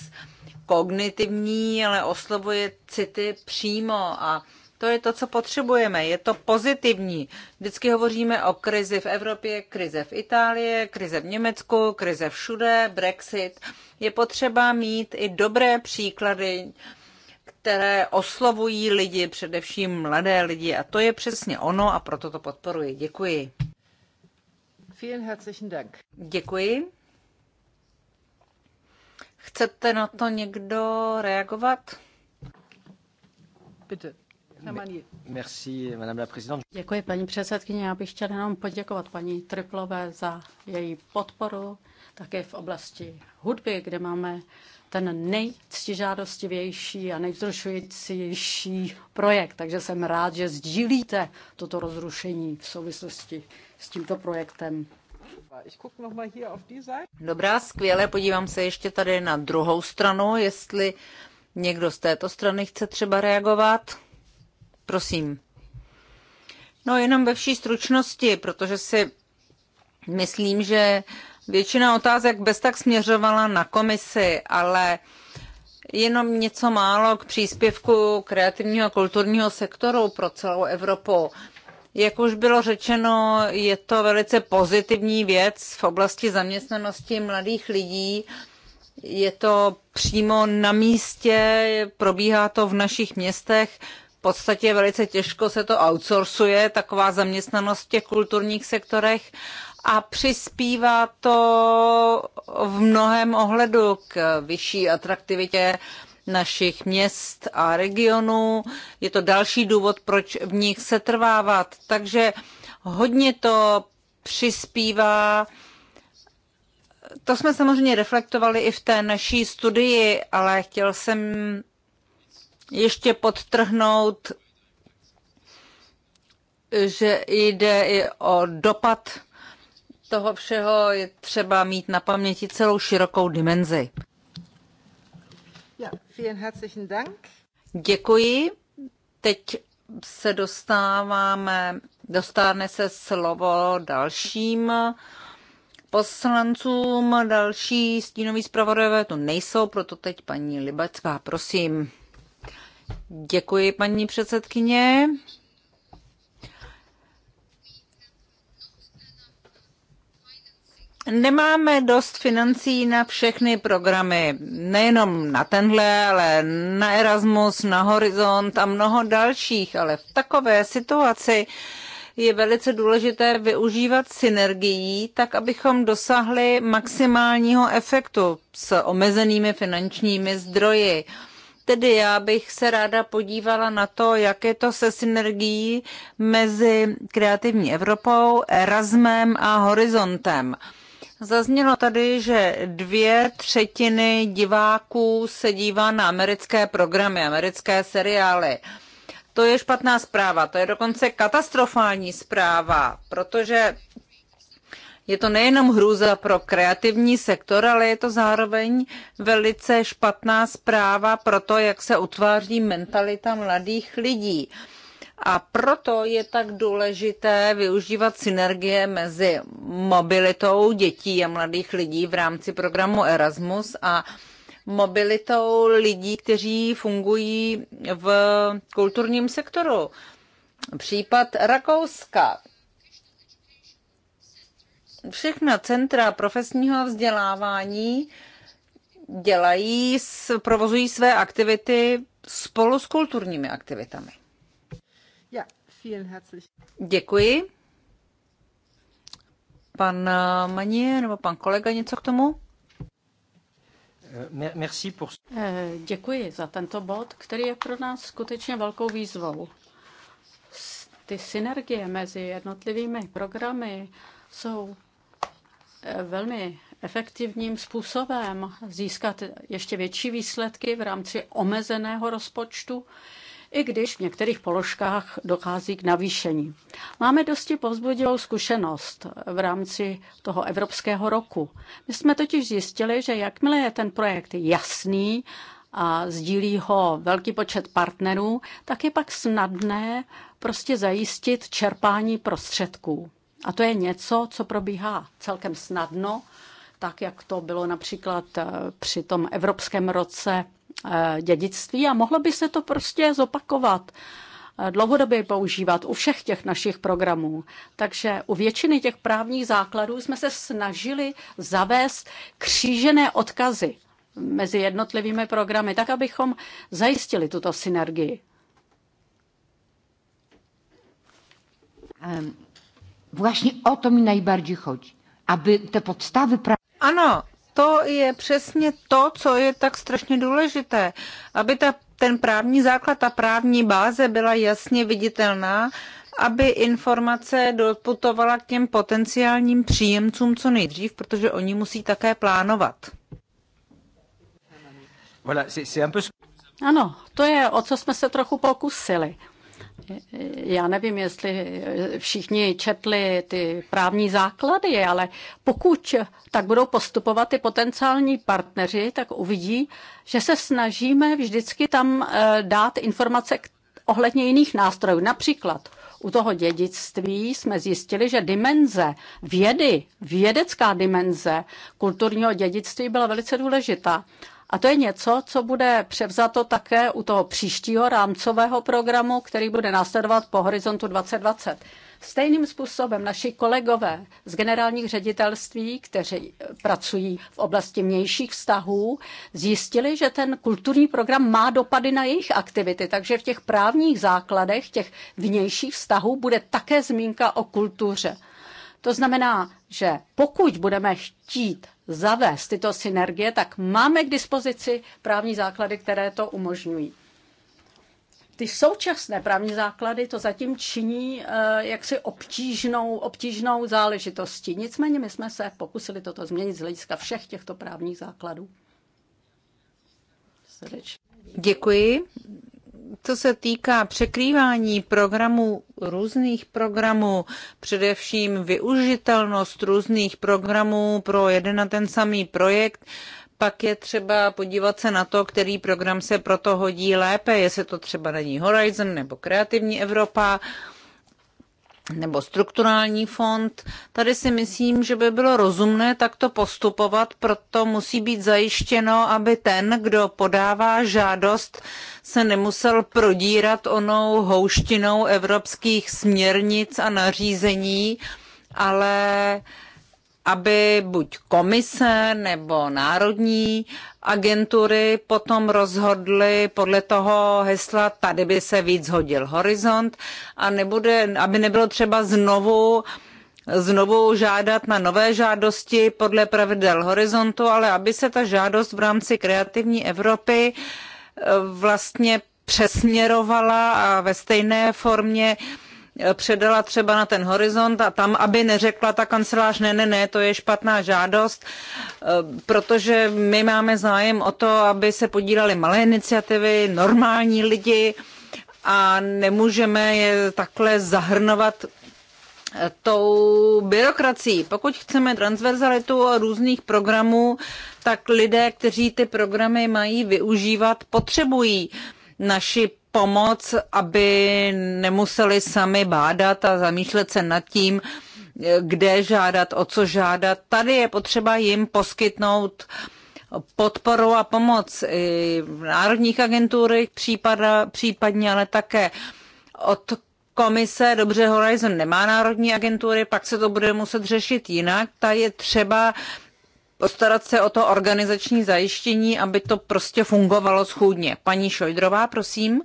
kognitivní, ale oslovuje city přímo a to je to, co potřebujeme. Je to pozitivní. Vždycky hovoříme o krizi v Evropě, krize v Itálii, krize v Německu, krize všude, Brexit. Je potřeba mít i dobré příklady které oslovují lidi, především mladé lidi. A to je přesně ono a proto to podporuji. Děkuji. Vielen herzlichen Dank. Děkuji. Chcete na to někdo reagovat? Bitte. Merci, madame la présidente. Děkuji, paní předsedkyně. Já bych chtěla jenom poděkovat paní Triplové za její podporu, také v oblasti hudby, kde máme ten nejctižádostivější a nejvzrušujícíjší projekt. Takže jsem rád, že sdílíte toto rozrušení v souvislosti s tímto projektem. Dobrá, skvěle, podívám se ještě tady na druhou stranu, jestli někdo z této strany chce třeba reagovat. Prosím. No jenom ve vší stručnosti, protože si myslím, že uh, Většina otázek bez tak směřovala na komisi, ale jenom něco málo k příspěvku kreativního a kulturního sektoru pro celou Evropu. Jak už bylo řečeno, je to velice pozitivní věc v oblasti zaměstnanosti mladých lidí. Je to přímo na místě, probíhá to v našich městech podstatě velice těžko se to outsourcuje, taková zaměstnanost v těch kulturních sektorech a přispívá to v mnohem ohledu k vyšší atraktivitě našich měst a regionů. Je to další důvod, proč v nich se trvávat. Takže hodně to přispívá. To jsme samozřejmě reflektovali i v té naší studii, ale chtěl jsem ještě podtrhnout, že jde i o dopad toho všeho, je třeba mít na paměti celou širokou dimenzi. Ja, vielen herzlichen Dank. Děkuji. Teď se dostáváme, dostane se slovo dalším poslancům. Další stínoví zpravodajové tu nejsou, proto teď paní Libecká, prosím. Děkuji, paní předsedkyně. Nemáme dost financí na všechny programy, nejenom na tenhle, ale na Erasmus, na Horizont a mnoho dalších, ale v takové situaci je velice důležité využívat synergií, tak abychom dosáhli maximálního efektu s omezenými finančními zdroji. Tedy já bych se ráda podívala na to, jak je to se synergií mezi Kreativní Evropou, Erasmem a Horizontem. Zaznělo tady, že dvě třetiny diváků se dívá na americké programy, americké seriály. To je špatná zpráva, to je dokonce katastrofální zpráva, protože je to nejenom hrůza pro kreativní sektor, ale je to zároveň velice špatná zpráva pro to, jak se utváří mentalita mladých lidí. A proto je tak důležité využívat synergie mezi mobilitou dětí a mladých lidí v rámci programu Erasmus a mobilitou lidí, kteří fungují v kulturním sektoru. Případ Rakouska všechna centra profesního vzdělávání dělají, provozují své aktivity spolu s kulturními aktivitami. Ja, vielen herzlich. Děkuji. Pan eh, Maní nebo pan kolega něco k tomu? Eh, merci pour... Eh, děkuji za tento bod, který je pro nás skutečně velkou výzvou. Ty synergie mezi jednotlivými programy jsou velmi efektivním způsobem získat ještě větší výsledky v rámci omezeného rozpočtu, i když v některých položkách dochází k navýšení. Máme dosti povzbudivou zkušenost v rámci toho Evropského roku. My jsme totiž zjistili, že jakmile je ten projekt jasný a sdílí ho velký počet partnerů, tak je pak snadné prostě zajistit čerpání prostředků. A to je něco, co probíhá celkem snadno, tak jak to bylo například eh, při tom Evropském roce eh, dědictví a mohlo by se to prostě zopakovat eh, dlouhodobě používat u všech těch našich programů. Takže u většiny těch právních základů jsme se snažili zavést křížené odkazy mezi jednotlivými programy, tak abychom zajistili tuto synergii. Um, Vlastně o to mi nejbardziej chodzi, aby te podstawy pra... Ano, to je přesně to, co je tak strašně důležité, aby ta, ten právní základ, ta právní báze byla jasně viditelná, aby informace doputovala k těm potenciálním příjemcům co nejdřív, protože oni musí také plánovat. Ano, to je, o co jsme se trochu pokusili. Já nevím, jestli všichni četli ty právní základy, ale pokud tak budou postupovat i potenciální partneři, tak uvidí, že se snažíme vždycky tam eh, dát informace ohledně jiných nástrojů. Například u toho dědictví jsme zjistili, že dimenze vědy, vědecká dimenze kulturního dědictví byla velice důležitá. A to je něco, co bude převzato také u toho příštího rámcového programu, který bude následovat po horizontu 2020. Stejným způsobem naši kolegové z generálních ředitelství, kteří pracují v oblasti mějších vztahů, zjistili, že ten kulturní program má dopady na jejich aktivity, takže v těch právních základech těch vnějších vztahů bude také zmínka o kultuře. To znamená, že pokud budeme chtít zavést tyto synergie, tak máme k dispozici právní základy, které to umožňují. Ty současné právní základy to zatím činí eh, jaksi obtížnou, obtížnou záležitostí. Nicméně my jsme se pokusili toto změnit z hlediska všech těchto právních základů. Srdečně. Děkuji co se týká překrývání programů, různých programů, především využitelnost různých programů pro jeden a ten samý projekt, pak je třeba podívat se na to, který program se proto hodí lépe, jestli to třeba není Horizon nebo Kreativní Evropa nebo strukturální fond. Tady si myslím, že by bylo rozumné takto postupovat, proto musí být zajištěno, aby ten, kdo podává žádost, se nemusel prodírat onou houštinou evropských směrnic a nařízení, ale aby buď komise nebo národní agentury potom rozhodly podle toho hesla, tady by se víc hodil horizont a nebude, aby nebylo třeba znovu znovu žádat na nové žádosti podle pravidel horizontu, ale aby se ta žádost v rámci kreativní Evropy eh, vlastně přesměrovala a ve stejné formě uh, Eh, předala třeba na ten horizont a tam, aby neřekla ta kancelář, ne, ne, ne, to je špatná žádost, eh, protože my máme zájem o to, aby se podílely malé iniciativy, normální lidi a nemůžeme je takhle zahrnovat eh, tou byrokracií. Pokud chceme transverzalitu různých programů, tak lidé, kteří ty programy mají využívat, potřebují naši pomoc, aby nemuseli sami bádat a zamýšlet se nad tím, kde žádat, o co žádat. Tady je potřeba jim poskytnout podporu a pomoc i v národních agentury případa, případně, ale také od komise, dobře Horizon nemá národní agentury, pak se to bude muset řešit jinak, ta je třeba postarat se o to organizační zajištění, aby to prostě fungovalo schůdně. Paní Šojdrová, prosím.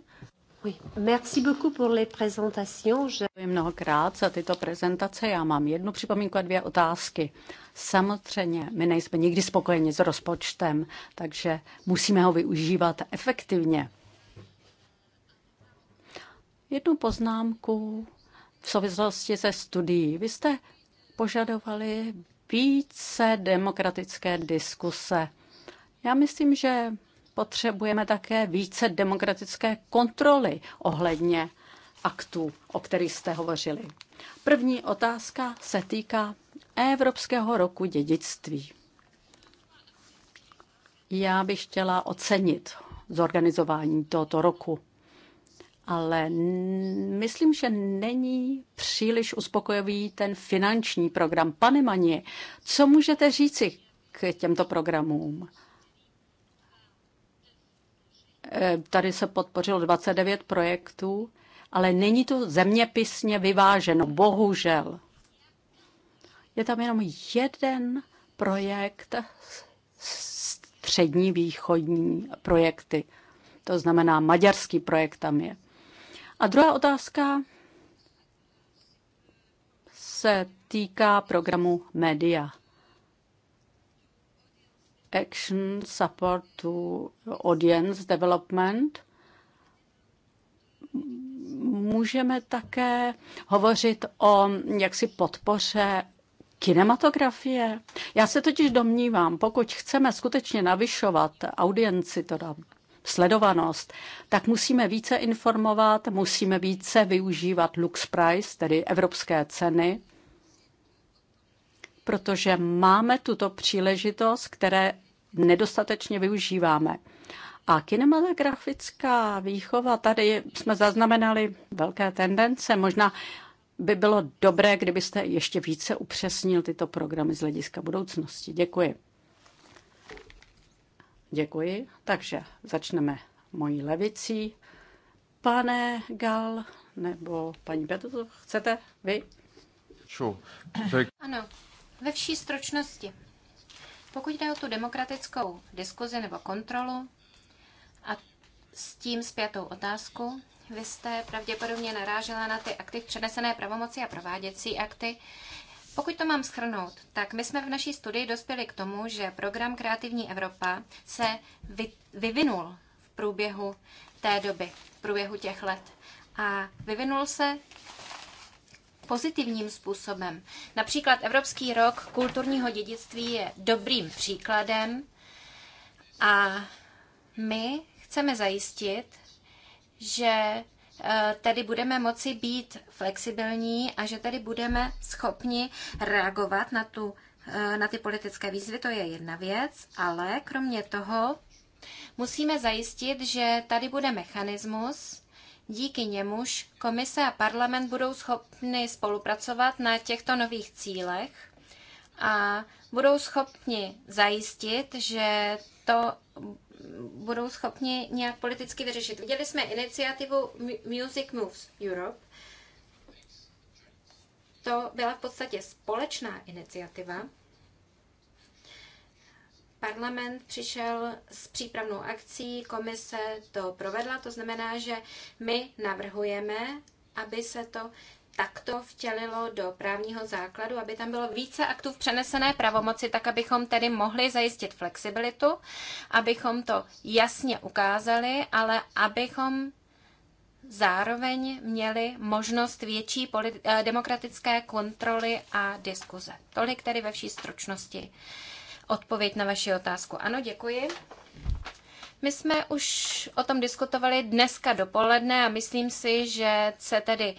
Merci beaucoup pour les présentations. Je... Mnohokrát za tyto prezentace. Já mám jednu připomínku a dvě otázky. Samozřejmě, my nejsme nikdy spokojeni s rozpočtem, takže musíme ho využívat efektivně. Jednu poznámku v souvislosti se studií. Vy jste požadovali více demokratické diskuse. Já myslím, že potřebujeme také více demokratické kontroly ohledně aktů, o kterých jste hovořili. První otázka se týká Evropského roku dědictví. Já bych chtěla ocenit zorganizování tohoto roku, ale myslím, že není příliš uspokojivý ten finanční program. Pane Mani, co můžete říci k těmto programům? Eh, tady se podpořilo 29 projektů, ale není to zeměpisně vyváženo, bohužel. Je tam jenom jeden projekt, střední východní projekty. To znamená, maďarský projekt tam je. A druhá otázka se týká programu Media action support to audience development. Můžeme také hovořit o jaksi podpoře kinematografie. Já se totiž domnívám, pokud chceme skutečně navyšovat audienci, teda sledovanost, tak musíme více informovat, musíme více využívat Lux Price, tedy evropské ceny protože máme tuto příležitost, které nedostatečně využíváme. A kinematografická výchova, tady jsme zaznamenali velké tendence. Možná by bylo dobré, kdybyste ještě více upřesnil tyto programy z hlediska budoucnosti. Děkuji. Děkuji. Takže začneme mojí levicí. Pane Gal nebo paní Petr, chcete vy? Sure. Ano, ve vší stročnosti. Pokud jde o tu demokratickou diskuzi nebo kontrolu a s tím zpětou otázku, vy jste pravděpodobně narážela na ty akty v přenesené pravomoci a prováděcí akty. Pokud to mám schrnout, tak my jsme v naší studii dospěli k tomu, že program Kreativní Evropa se vy, vyvinul v průběhu té doby, v průběhu těch let. A vyvinul se pozitivním způsobem. Například Evropský rok kulturního dědictví je dobrým příkladem a my chceme zajistit, že eh, tedy budeme moci být flexibilní a že tedy budeme schopni reagovat na, tu, eh, na ty politické výzvy, to je jedna věc, ale kromě toho musíme zajistit, že tady bude mechanismus, Díky němuž komise a parlament budou schopny spolupracovat na těchto nových cílech a budou schopni zajistit, že to budou schopni nějak politicky vyřešit. Viděli jsme iniciativu Music Moves Europe. To byla v podstatě společná iniciativa Parlament přišel s přípravnou akcí, komise to provedla, to znamená, že my navrhujeme, aby se to takto vtělilo do právního základu, aby tam bylo více aktů v přenesené pravomoci, tak abychom tedy mohli zajistit flexibilitu, abychom to jasně ukázali, ale abychom zároveň měli možnost větší eh, demokratické kontroly a diskuze. Tolik tedy ve vší stručnosti odpověď na vaši otázku. Ano, děkuji. My jsme už o tom diskutovali dneska dopoledne a myslím si, že se tedy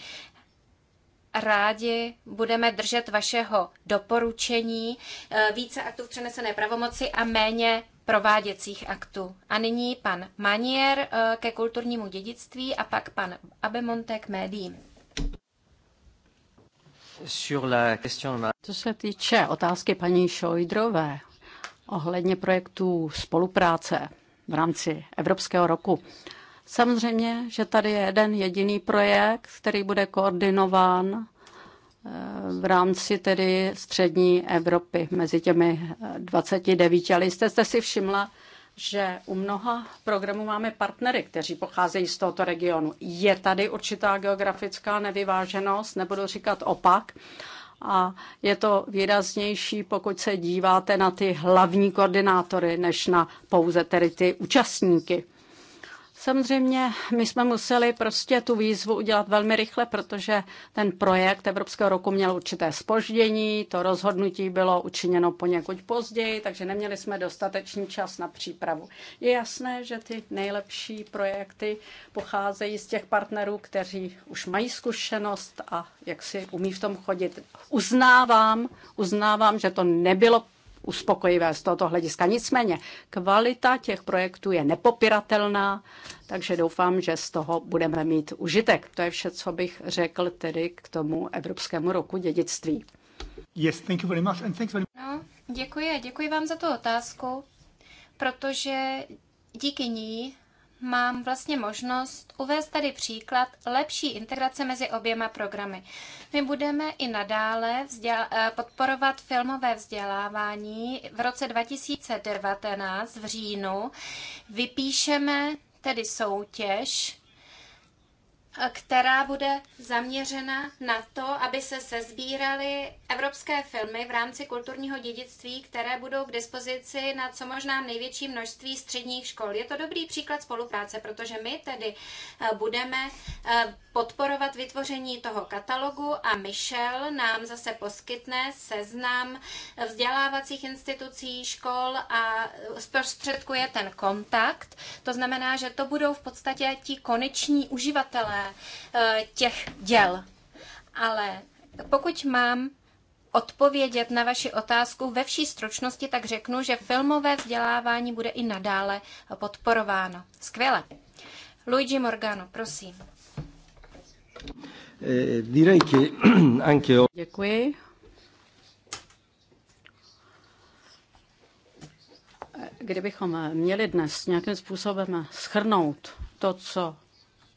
rádi budeme držet vašeho doporučení eh, více aktů v přenesené pravomoci a méně prováděcích aktů. A nyní pan Manier eh, ke kulturnímu dědictví a pak pan Abemonte k médiím. Co se týče otázky paní Šojdrové ohledně projektů spolupráce v rámci Evropského roku. Samozřejmě, že tady je jeden jediný projekt, který bude koordinován eh, v rámci tedy střední Evropy mezi těmi 29. Eh, Ale jste, jste si všimla, že u mnoha programů máme partnery, kteří pocházejí z tohoto regionu. Je tady určitá geografická nevyváženost, nebudu říkat opak, a je to výraznější, pokud se díváte na ty hlavní koordinátory, než na pouze tedy ty účastníky. Samozřejmě my jsme museli prostě tu výzvu udělat velmi rychle, protože ten projekt Evropského roku měl určité spoždění, to rozhodnutí bylo učiněno poněkud později, takže neměli jsme dostatečný čas na přípravu. Je jasné, že ty nejlepší projekty pocházejí z těch partnerů, kteří už mají zkušenost a jak si umí v tom chodit. Uznávám, uznávám, že to nebylo uspokojivé z tohoto hlediska. Nicméně kvalita těch projektů je nepopiratelná, takže doufám, že z toho budeme mít užitek. To je vše, co bych řekl tedy k tomu Evropskému roku dědictví. Yes, thank you very much and thanks very much. No, děkuji a děkuji vám za tu otázku, protože díky ní mám vlastně možnost uvést tady příklad lepší integrace mezi oběma programy. My budeme i nadále eh, podporovat filmové vzdělávání. V roce 2019 v říjnu vypíšeme tedy soutěž, eh, která bude zaměřena na to, aby se sezbíraly evropské filmy v rámci kulturního dědictví, které budou k dispozici na co možná největší množství středních škol. Je to dobrý příklad spolupráce, protože my tedy eh, budeme eh, podporovat vytvoření toho katalogu a Michel nám zase poskytne seznam vzdělávacích institucí, škol a zprostředkuje ten kontakt. To znamená, že to budou v podstatě ti koneční uživatelé eh, těch děl. Ale pokud mám odpovědět na vaši otázku ve vší stručnosti, tak řeknu, že filmové vzdělávání bude i nadále podporováno. Skvěle. Luigi Morgano, prosím. Eh, Děkuji. Kdybychom měli dnes nějakým způsobem schrnout to, co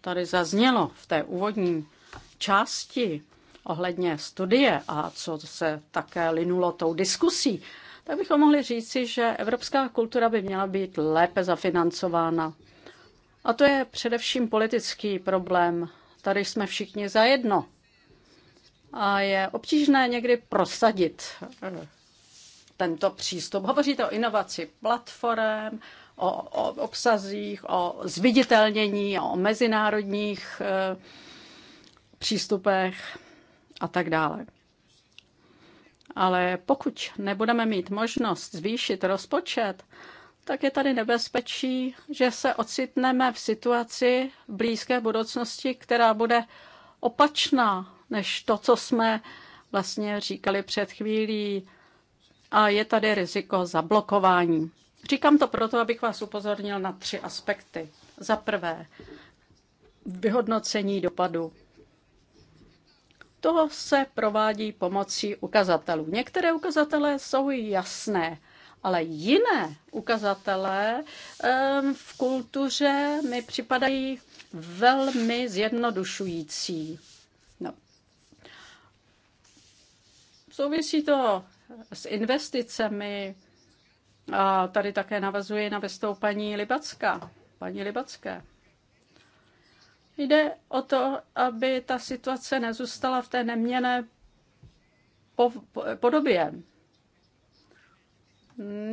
tady zaznělo v té úvodní části ohledně studie a co se také linulo tou diskusí, tak bychom mohli říci, že evropská kultura by měla být lépe zafinancována. A to je především politický problém. Tady jsme všichni zajedno. A je obtížné někdy prosadit eh, tento přístup. Hovoříte o inovaci platform, o, o obsazích, o zviditelnění, o mezinárodních eh, přístupech a tak dále. Ale pokud nebudeme mít možnost zvýšit rozpočet, tak je tady nebezpečí, že se ocitneme v situaci v blízké budoucnosti, která bude opačná než to, co jsme vlastně říkali před chvílí. A je tady riziko zablokování. Říkám to proto, abych vás upozornil na tři aspekty. Za prvé, vyhodnocení dopadu. To se provádí pomocí ukazatelů. Některé ukazatele jsou jasné, ale jiné ukazatele v kultuře mi připadají velmi zjednodušující. No. Souvisí to s investicemi. A tady také navazuji na vystoupení Libacka, paní Libacké. Jde o to, aby ta situace nezůstala v té neměné podobě.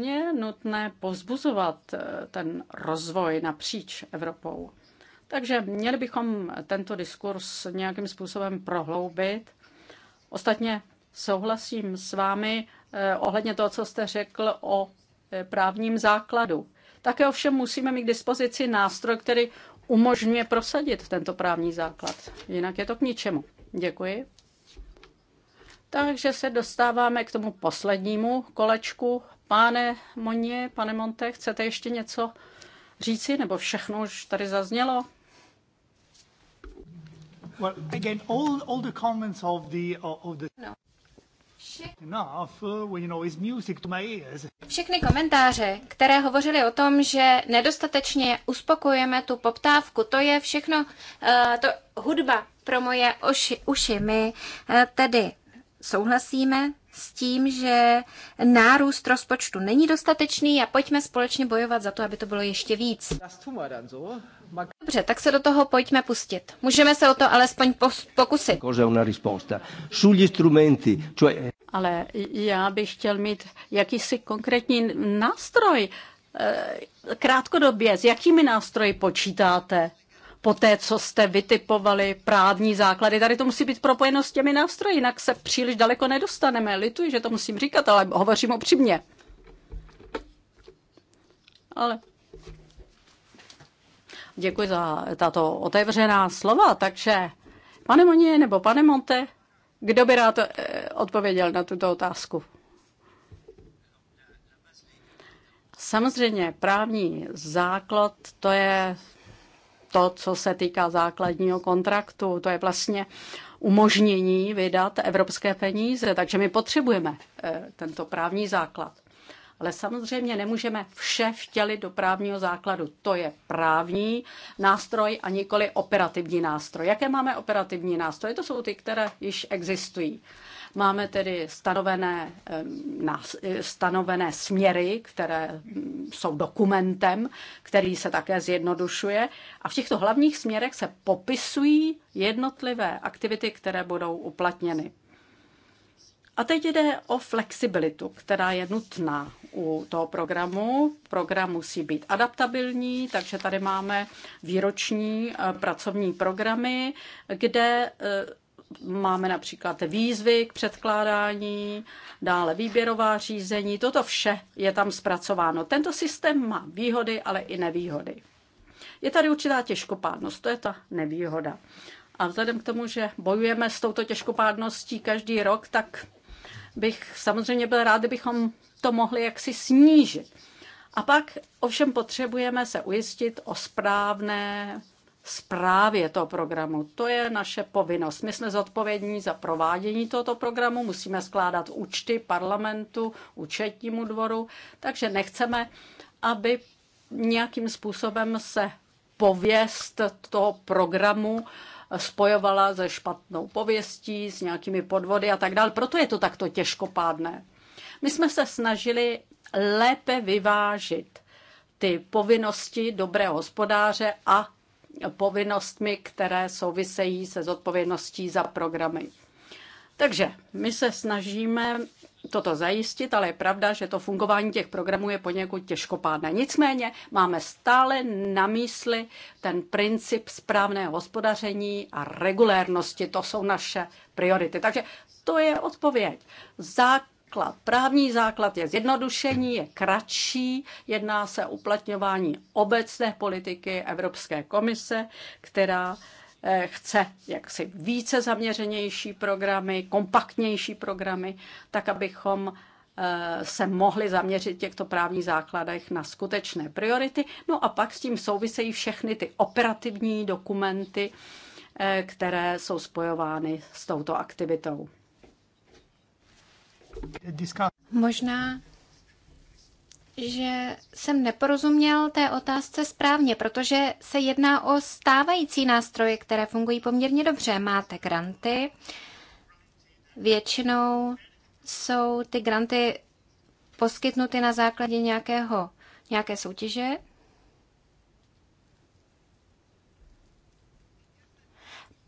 Je nutné pozbuzovat eh, ten rozvoj napříč Evropou. Takže měli bychom tento diskurs nějakým způsobem prohloubit. Ostatně souhlasím s vámi eh, ohledně toho, co jste řekl o eh, právním základu. Také ovšem musíme mít k dispozici nástroj, který umožňuje prosadit tento právní základ. Jinak je to k ničemu. Děkuji. Takže se dostáváme k tomu poslednímu kolečku. Pane Moně, pane Monte, chcete ještě něco říci, nebo všechno už tady zaznělo? Well, again, all, all the comments of the, of the... No. Uh, Všechny komentáře, které hovořily o tom, že nedostatečně uspokojujeme tu poptávku, to je všechno eh, to hudba pro moje uši. My eh, tedy souhlasíme s tím, že nárůst rozpočtu není dostatečný a pojďme společně bojovat za to, aby to bylo ještě víc. Dobře, tak se do toho pojďme pustit. Můžeme se o to alespoň pokusit. Ale já bych chtěl mít jakýsi konkrétní nástroj. Eh, krátkodobě, s jakými nástroji počítáte? po té, co jste vytipovali právní základy. Tady to musí být propojeno s těmi nástroji, jinak se příliš daleko nedostaneme. Lituji, že to musím říkat, ale hovořím upřímně. Ale děkuji za tato otevřená slova, takže pane Monie nebo pane Monte, kdo by rád eh, odpověděl na tuto otázku? Samozřejmě právní základ to je to, co se týká základního kontraktu. To je vlastně umožnění vydat evropské peníze, takže my potřebujeme eh, tento právní základ ale samozřejmě nemůžeme vše vtělit do právního základu. To je právní nástroj a nikoli operativní nástroj. Jaké máme operativní nástroje? To jsou ty, které již existují. Máme tedy stanovené, e, stanovené směry, které jsou dokumentem, který se také zjednodušuje. A v těchto hlavních směrech se popisují jednotlivé aktivity, které budou uplatněny. A teď jde o flexibilitu, která je nutná u toho programu. Program musí být adaptabilní, takže tady máme výroční eh, pracovní programy, kde eh, máme například výzvy k předkládání, dále výběrová řízení, toto vše je tam zpracováno. Tento systém má výhody, ale i nevýhody. Je tady určitá těžkopádnost, to je ta nevýhoda. A vzhledem k tomu, že bojujeme s touto těžkopádností každý rok, tak bych samozřejmě byl rád, kdybychom to mohli jaksi snížit. A pak ovšem potřebujeme se ujistit o správné správě toho programu. To je naše povinnost. My jsme zodpovědní za provádění tohoto programu, musíme skládat účty parlamentu, účetnímu dvoru, takže nechceme, aby nějakým způsobem se pověst toho programu spojovala se špatnou pověstí, s nějakými podvody a tak dále. Proto je to takto těžkopádné. My jsme se snažili lépe vyvážit ty povinnosti dobrého hospodáře a povinnostmi, které souvisejí se zodpovědností za programy. Takže my se snažíme toto zajistit, ale je pravda, že to fungování těch programů je poněkud těžkopádné. Nicméně máme stále na mysli ten princip správného hospodaření a regulérnosti. To jsou naše priority. Takže to je odpověď. Základ, právní základ je zjednodušení, je kratší, jedná se o uplatňování obecné politiky Evropské komise, která Eh, chce jaksi více zaměřenější programy, kompaktnější programy, tak abychom eh, se mohli zaměřit těchto právních základech na skutečné priority. No a pak s tím souvisejí všechny ty operativní dokumenty, eh, které jsou spojovány s touto aktivitou. Možná že jsem neporozuměl té otázce správně, protože se jedná o stávající nástroje, které fungují poměrně dobře. Máte granty, většinou jsou ty granty poskytnuty na základě nějakého, nějaké soutěže.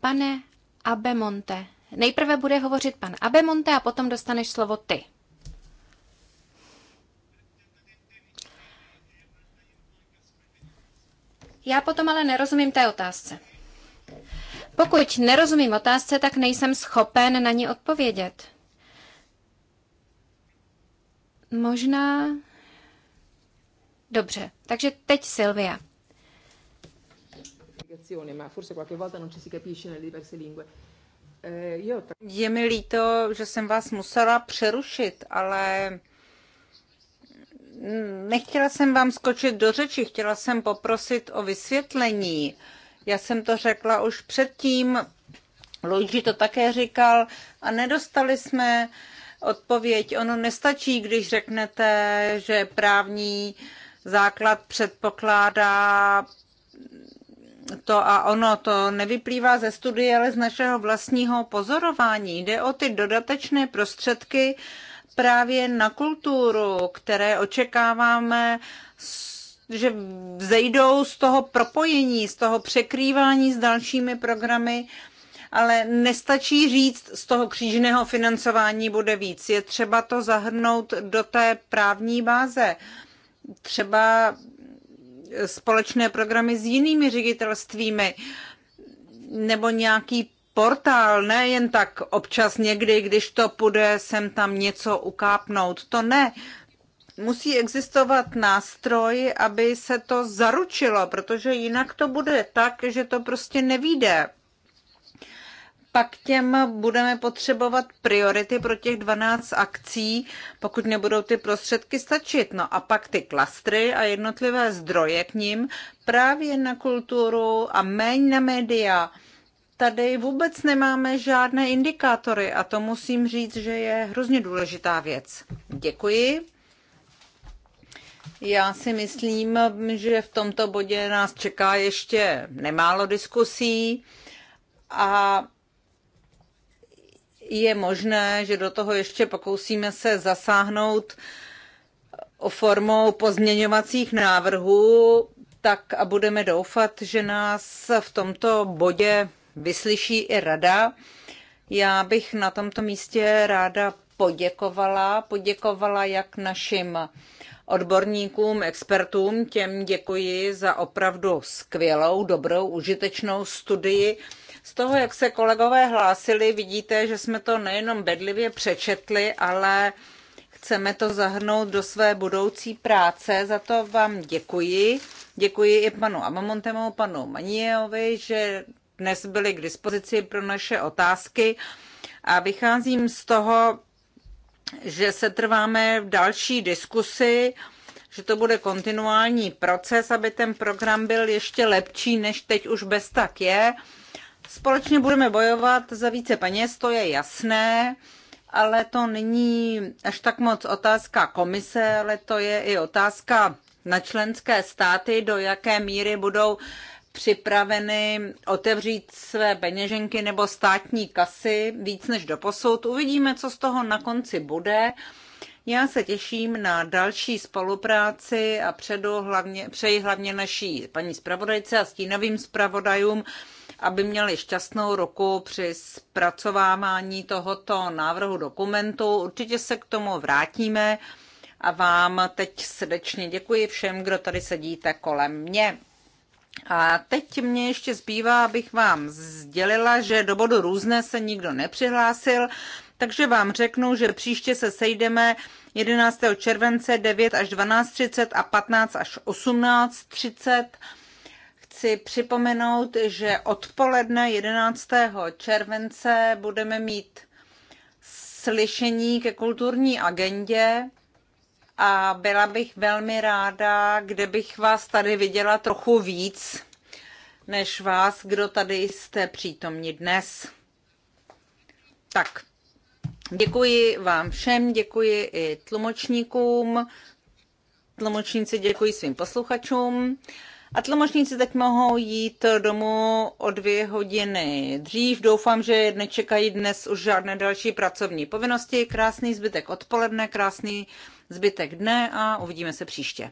Pane Abemonte, nejprve bude hovořit pan Abemonte a potom dostaneš slovo ty. Já potom ale nerozumím té otázce. Pokud nerozumím otázce, tak nejsem schopen na ní odpovědět. Možná. Dobře, takže teď Silvia. Eh, Je mi líto, že jsem vás musela přerušit, ale nechtěla jsem vám skočit do řeči, chtěla jsem poprosit o vysvětlení. Já jsem to řekla už předtím, Luigi to také říkal a nedostali jsme odpověď. Ono nestačí, když řeknete, že právní základ předpokládá to a ono, to nevyplývá ze studie, ale z našeho vlastního pozorování. Jde o ty dodatečné prostředky, právě na kulturu, které očekáváme, že vzejdou z toho propojení, z toho překrývání s dalšími programy, ale nestačí říct, z toho křížného financování bude víc. Je třeba to zahrnout do té právní báze. Třeba společné programy s jinými ředitelstvími nebo nějaký portál, ne jen tak občas někdy, když to půjde sem tam něco ukápnout. To ne. Musí existovat nástroj, aby se to zaručilo, protože jinak to bude tak, že to prostě nevíde. Pak těm budeme potřebovat priority pro těch 12 akcí, pokud nebudou ty prostředky stačit. No a pak ty klastry a jednotlivé zdroje k ním právě na kulturu a méně na média tady vůbec nemáme žádné indikátory a to musím říct, že je hrozně důležitá věc. Děkuji. Já si myslím, že v tomto bodě nás čeká ještě nemálo diskusí a je možné, že do toho ještě pokusíme se zasáhnout o formou pozměňovacích návrhů, tak a budeme doufat, že nás v tomto bodě vyslyší i rada. Já bych na tomto místě ráda poděkovala. Poděkovala jak našim odborníkům, expertům, těm děkuji za opravdu skvělou, dobrou, užitečnou studii. Z toho, jak se kolegové hlásili, vidíte, že jsme to nejenom bedlivě přečetli, ale chceme to zahrnout do své budoucí práce. Za to vám děkuji. Děkuji i panu Amamontemu, panu Maniejovi, že dnes byly k dispozici pro naše otázky a vycházím z toho, že se trváme v další diskusi, že to bude kontinuální proces, aby ten program byl ještě lepší, než teď už bez tak je. Společně budeme bojovat za více peněz, to je jasné, ale to není až tak moc otázka komise, ale to je i otázka na členské státy, do jaké míry budou připraveny otevřít své peněženky nebo státní kasy víc než do posud. Uvidíme, co z toho na konci bude. Já se těším na další spolupráci a předu hlavně, přeji hlavně naší paní zpravodajce a stínovým zpravodajům, aby měli šťastnou roku při zpracovávání tohoto návrhu dokumentu. Určitě se k tomu vrátíme a vám teď srdečně děkuji všem, kdo tady sedíte kolem mě. A teď mě ještě zbývá, abych vám sdělila, že do bodu různé se nikdo nepřihlásil, takže vám řeknu, že příště se sejdeme 11. července 9 až 12.30 a 15 až 18.30. Chci připomenout, že odpoledne 11. července budeme mít slyšení ke kulturní agendě a byla bych velmi ráda, kdybych vás tady viděla trochu víc, než vás, kdo tady jste přítomni dnes. Tak, děkuji vám všem, děkuji i tlumočníkům, tlumočníci děkuji svým posluchačům. A tlumočníci teď mohou jít domů o dvě hodiny dřív. Doufám, že nečekají dnes už žádné další pracovní povinnosti. Krásný zbytek odpoledne, krásný zbytek dne a uvidíme se příště.